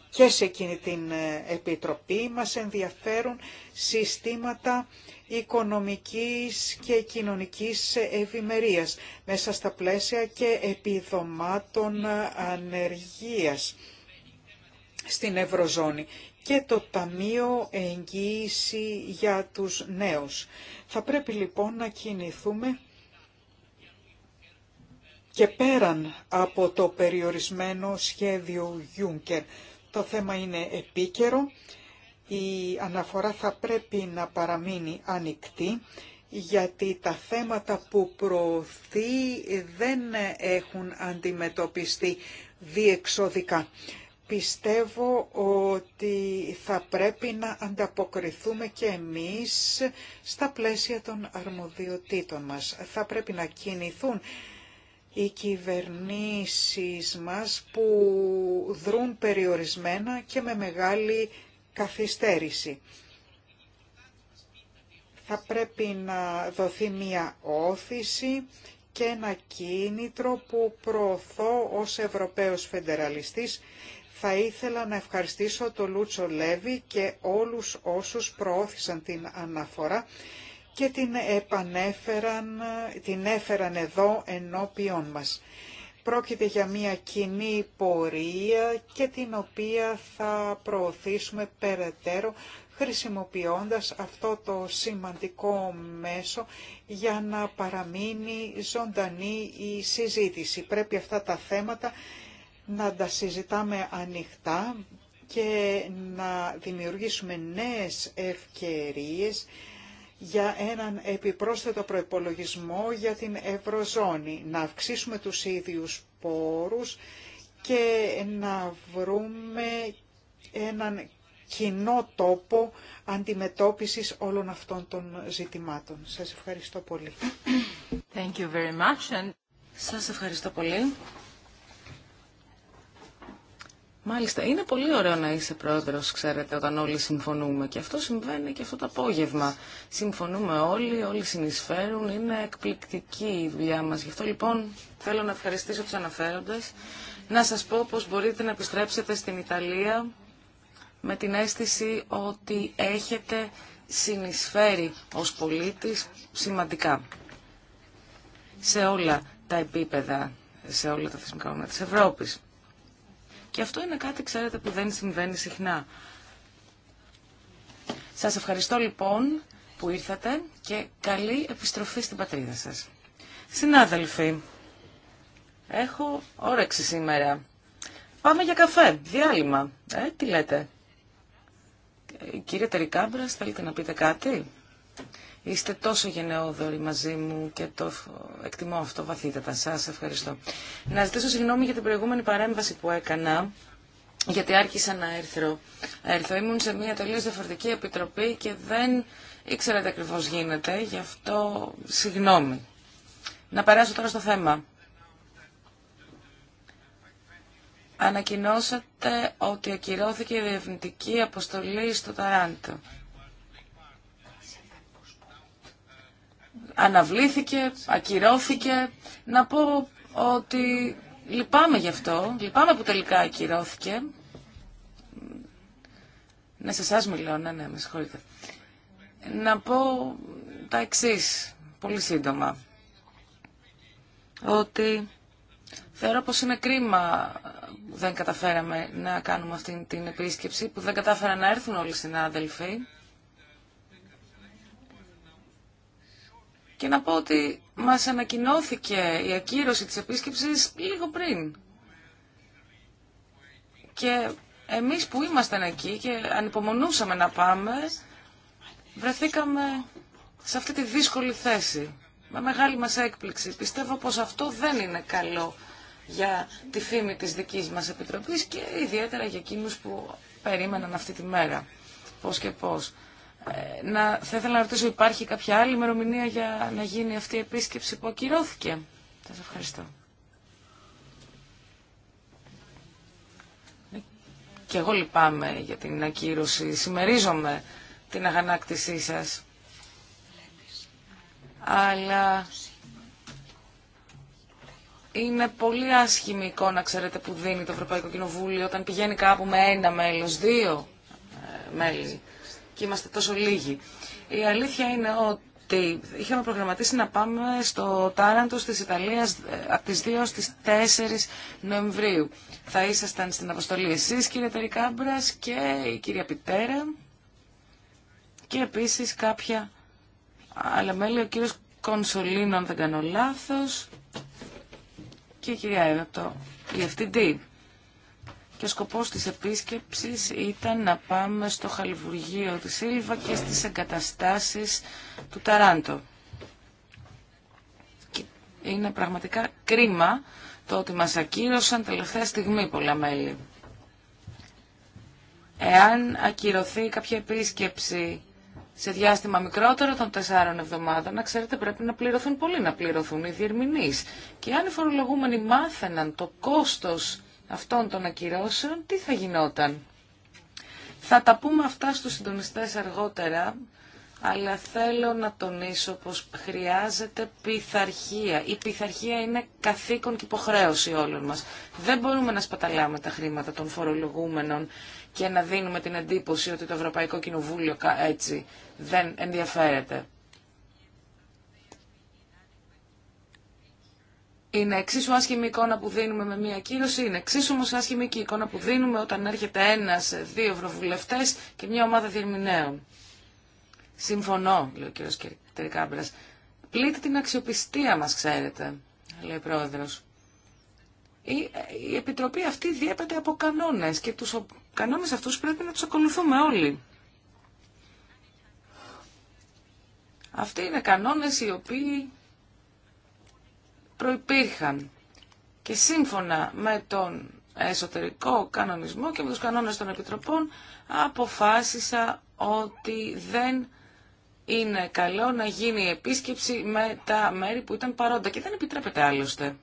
και σε εκείνη την ε, Επιτροπή. Μας ενδιαφέρουν συστήματα οικονομικής και κοινωνικής ευημερίας μέσα στα πλαίσια και επιδομάτων ανεργίας στην Ευρωζώνη και το Ταμείο Εγγύηση για τους Νέους. Θα πρέπει λοιπόν να κινηθούμε και πέραν από το περιορισμένο σχέδιο Juncker. Το θέμα είναι επίκαιρο, η αναφορά θα πρέπει να παραμείνει ανοιχτή, γιατί τα θέματα που προωθεί δεν έχουν αντιμετωπιστεί διεξοδικά πιστεύω ότι θα πρέπει να ανταποκριθούμε και εμείς στα πλαίσια των αρμοδιοτήτων μας. Θα πρέπει να κινηθούν οι κυβερνήσεις μας που δρούν περιορισμένα και με μεγάλη καθυστέρηση. Θα πρέπει να δοθεί μία όθηση και ένα κίνητρο που προωθώ ως Ευρωπαίος Φεντεραλιστής θα ήθελα να ευχαριστήσω τον Λούτσο Λέβη και όλους όσους προώθησαν την αναφορά και την, επανέφεραν, την έφεραν εδώ ενώπιόν μας. Πρόκειται για μια κοινή πορεία και την οποία θα προωθήσουμε περαιτέρω χρησιμοποιώντας αυτό το σημαντικό μέσο για να παραμείνει ζωντανή η συζήτηση. Πρέπει αυτά τα θέματα να τα συζητάμε ανοιχτά και να δημιουργήσουμε νέες ευκαιρίες για έναν επιπρόσθετο προϋπολογισμό για την Ευρωζώνη, να αυξήσουμε τους ίδιους πόρους και να βρούμε έναν κοινό τόπο αντιμετώπισης όλων αυτών των ζητημάτων. Σας ευχαριστώ πολύ. Thank you very much Σας ευχαριστώ πολύ. Μάλιστα, είναι πολύ ωραίο να είσαι πρόεδρος, ξέρετε, όταν όλοι συμφωνούμε. Και αυτό συμβαίνει και αυτό το απόγευμα. Συμφωνούμε όλοι, όλοι συνεισφέρουν, είναι εκπληκτική η δουλειά μα. Γι' αυτό λοιπόν θέλω να ευχαριστήσω τους αναφέροντες, να σας πω πως μπορείτε να επιστρέψετε στην Ιταλία με την αίσθηση ότι έχετε συνεισφέρει ως πολίτης σημαντικά σε όλα τα επίπεδα, σε όλα τα θεσμικά ομάδα της Ευρώπης. Και αυτό είναι κάτι, ξέρετε, που δεν συμβαίνει συχνά. Σας ευχαριστώ λοιπόν που ήρθατε και καλή επιστροφή στην πατρίδα σας. Συνάδελφοι, έχω όρεξη σήμερα. Πάμε για καφέ, διάλειμμα. Ε, τι λέτε. Ε, κύριε Τερικάμπρας, θέλετε να πείτε κάτι. Είστε τόσο γενναιόδοροι μαζί μου και το εκτιμώ αυτό βαθύτατα. Σας ευχαριστώ. Να ζητήσω συγγνώμη για την προηγούμενη παρέμβαση που έκανα, γιατί άρχισα να έρθω. έρθω. Ήμουν σε μια τελείω διαφορετική επιτροπή και δεν ήξερα τι ακριβώ γίνεται, γι' αυτό συγγνώμη. Να περάσω τώρα στο θέμα. Ανακοινώσατε ότι ακυρώθηκε η διευνητική αποστολή στο Ταράντο. αναβλήθηκε, ακυρώθηκε. Να πω ότι λυπάμαι γι' αυτό, λυπάμαι που τελικά ακυρώθηκε. Ναι, σε εσά μιλώ. ναι, ναι, με συγχωρείτε. Να πω τα εξή, πολύ σύντομα. Ότι θεωρώ πως είναι κρίμα που δεν καταφέραμε να κάνουμε αυτή την επίσκεψη, που δεν κατάφεραν να έρθουν όλοι οι συνάδελφοι. και να πω ότι μας ανακοινώθηκε η ακύρωση της επίσκεψης λίγο πριν. Και εμείς που ήμασταν εκεί και ανυπομονούσαμε να πάμε, βρεθήκαμε σε αυτή τη δύσκολη θέση. Με μεγάλη μας έκπληξη. Πιστεύω πως αυτό δεν είναι καλό για τη φήμη της δικής μας Επιτροπής και ιδιαίτερα για εκείνους που περίμεναν αυτή τη μέρα. Πώς και πώς. Ε, να, θα ήθελα να ρωτήσω, υπάρχει κάποια άλλη ημερομηνία για να γίνει αυτή η επίσκεψη που ακυρώθηκε. Σας ευχαριστώ. Ε, και εγώ λυπάμαι για την ακύρωση. Σημερίζομαι την αγανάκτησή σας. Αλλά είναι πολύ άσχημη εικόνα, ξέρετε, που δίνει το Ευρωπαϊκό Κοινοβούλιο όταν πηγαίνει κάπου με ένα μέλος, δύο ε, μέλη και είμαστε τόσο λίγοι. Η αλήθεια είναι ότι είχαμε προγραμματίσει να πάμε στο Τάραντο τη Ιταλία ε, από τις 2 στις 4 Νοεμβρίου. Θα ήσασταν στην αποστολή εσείς κύριε Τερικάμπρας και η κυρία Πιτέρα και επίσης κάποια άλλα μέλη, ο κύριος Κονσολίνο αν δεν κάνω λάθος και η κυρία Εύα το και ο σκοπός της επίσκεψης ήταν να πάμε στο χαλιβουργείο της Σίλβα και στις εγκαταστάσεις του Ταράντο. Και είναι πραγματικά κρίμα το ότι μας ακύρωσαν τελευταία στιγμή πολλά μέλη. Εάν ακυρωθεί κάποια επίσκεψη σε διάστημα μικρότερο των τεσσάρων εβδομάδων, να ξέρετε πρέπει να πληρωθούν πολύ να πληρωθούν οι διερμηνείς. Και αν οι φορολογούμενοι μάθαιναν το κόστος αυτών των ακυρώσεων, τι θα γινόταν. Θα τα πούμε αυτά στους συντονιστές αργότερα, αλλά θέλω να τονίσω πως χρειάζεται πειθαρχία. Η πειθαρχία είναι καθήκον και υποχρέωση όλων μας. Δεν μπορούμε να σπαταλάμε τα χρήματα των φορολογούμενων και να δίνουμε την εντύπωση ότι το Ευρωπαϊκό Κοινοβούλιο έτσι δεν ενδιαφέρεται. Είναι εξίσου άσχημη η εικόνα που δίνουμε με μία κύρωση, είναι εξίσου όμω άσχημη και η εικόνα που δίνουμε όταν έρχεται ένα, ε, δύο ευρωβουλευτέ και μια ομάδα διερμηνέων. Συμφωνώ, λέει ο κ. Τερικάμπρα. Πλήττει την αξιοπιστία μα, ξέρετε, λέει ο πρόεδρο. Η, ε, η επιτροπή αυτή διέπεται από κανόνε και του κανόνε αυτού πρέπει να του ακολουθούμε όλοι. Αυτοί είναι κανόνες οι οποίοι προϋπήρχαν και σύμφωνα με τον εσωτερικό κανονισμό και με τους κανόνες των επιτροπών αποφάσισα ότι δεν είναι καλό να γίνει επίσκεψη με τα μέρη που ήταν παρόντα και δεν επιτρέπεται άλλωστε.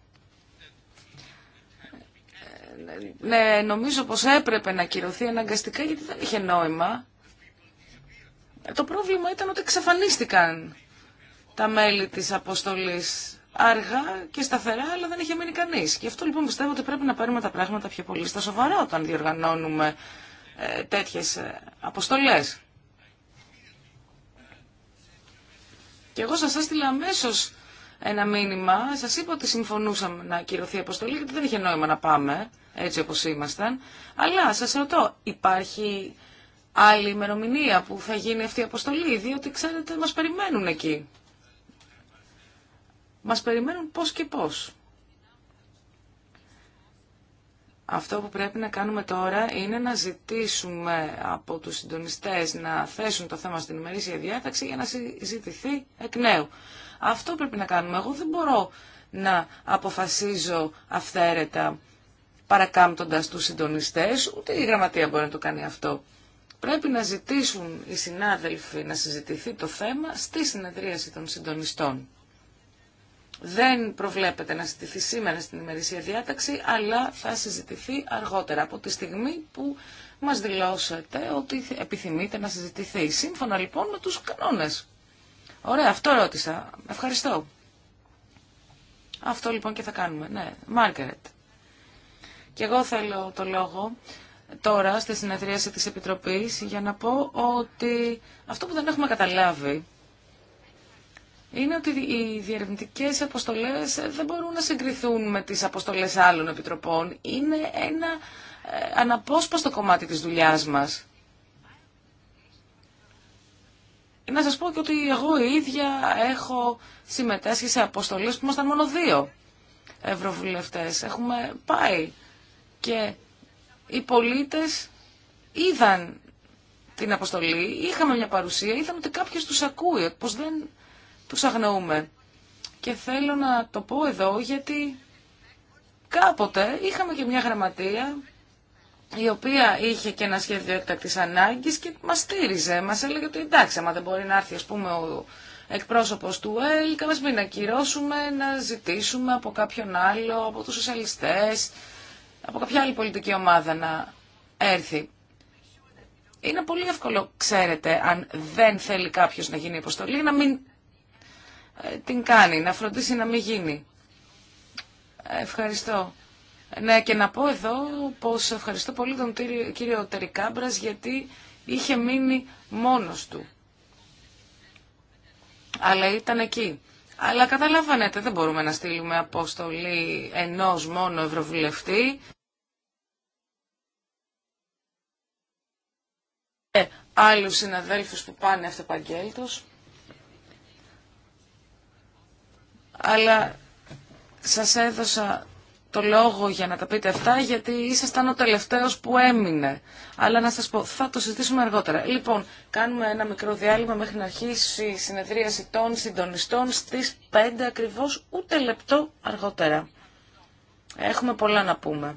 Ναι, νομίζω πως έπρεπε να κυρωθεί αναγκαστικά γιατί δεν είχε νόημα. Το πρόβλημα ήταν ότι εξαφανίστηκαν τα μέλη της αποστολής αργά και σταθερά, αλλά δεν είχε μείνει κανεί. Γι' αυτό λοιπόν πιστεύω ότι πρέπει να πάρουμε τα πράγματα πιο πολύ στα σοβαρά όταν διοργανώνουμε ε, τέτοιε αποστολέ. Και εγώ σα έστειλα αμέσω ένα μήνυμα. Σα είπα ότι συμφωνούσαμε να ακυρωθεί η αποστολή, γιατί δεν είχε νόημα να πάμε έτσι όπω ήμασταν. Αλλά σα ρωτώ, υπάρχει άλλη ημερομηνία που θα γίνει αυτή η αποστολή, διότι ξέρετε, μα περιμένουν εκεί μας περιμένουν πώς και πώς. Αυτό που πρέπει να κάνουμε τώρα είναι να ζητήσουμε από τους συντονιστές να θέσουν το θέμα στην ημερήσια διάταξη για να συζητηθεί εκ νέου. Αυτό πρέπει να κάνουμε. Εγώ δεν μπορώ να αποφασίζω αυθαίρετα παρακάμπτοντας τους συντονιστές, ούτε η γραμματεία μπορεί να το κάνει αυτό. Πρέπει να ζητήσουν οι συνάδελφοι να συζητηθεί το θέμα στη συνεδρίαση των συντονιστών δεν προβλέπεται να συζητηθεί σήμερα στην ημερήσια διάταξη, αλλά θα συζητηθεί αργότερα από τη στιγμή που μας δηλώσετε ότι επιθυμείτε να συζητηθεί. Σύμφωνα λοιπόν με τους κανόνες. Ωραία, αυτό ρώτησα. Ευχαριστώ. Αυτό λοιπόν και θα κάνουμε. Ναι, Μάρκερετ. Και εγώ θέλω το λόγο τώρα στη συνεδρίαση της Επιτροπής για να πω ότι αυτό που δεν έχουμε καταλάβει είναι ότι οι διερευνητικές αποστολές δεν μπορούν να συγκριθούν με τις αποστολές άλλων επιτροπών. Είναι ένα ε, αναπόσπαστο κομμάτι της δουλειάς μας. Να σας πω και ότι εγώ η ίδια έχω συμμετάσχει σε αποστολές που ήμασταν μόνο δύο ευρωβουλευτές. Έχουμε πάει και οι πολίτες είδαν την αποστολή, είχαμε μια παρουσία, είδαν ότι κάποιος τους ακούει, δεν τους αγνοούμε. Και θέλω να το πω εδώ γιατί κάποτε είχαμε και μια γραμματεία η οποία είχε και ένα σχέδιο έκτακτης ανάγκης και μας στήριζε. Μας έλεγε ότι εντάξει, άμα δεν μπορεί να έρθει ας πούμε ο εκπρόσωπος του ΕΛ, καλά μην ακυρώσουμε να ζητήσουμε από κάποιον άλλο, από τους σοσιαλιστές, από κάποια άλλη πολιτική ομάδα να έρθει. Είναι πολύ εύκολο, ξέρετε, αν δεν θέλει κάποιος να γίνει υποστολή, να μην ε, την κάνει, να φροντίσει να μην γίνει. Ε, ευχαριστώ. Ναι, και να πω εδώ πως ευχαριστώ πολύ τον κύριο Τερικάμπρας γιατί είχε μείνει μόνος του. Αλλά ήταν εκεί. Αλλά καταλαβαίνετε, δεν μπορούμε να στείλουμε απόστολη ενός μόνο ευρωβουλευτή. Ε, άλλους συναδέλφους που πάνε αυτοπαγγέλτος. αλλά σας έδωσα το λόγο για να τα πείτε αυτά, γιατί ήσασταν ο τελευταίος που έμεινε. Αλλά να σας πω, θα το συζητήσουμε αργότερα. Λοιπόν, κάνουμε ένα μικρό διάλειμμα μέχρι να αρχίσει η συνεδρίαση των συντονιστών στις 5 ακριβώς, ούτε λεπτό αργότερα. Έχουμε πολλά να πούμε.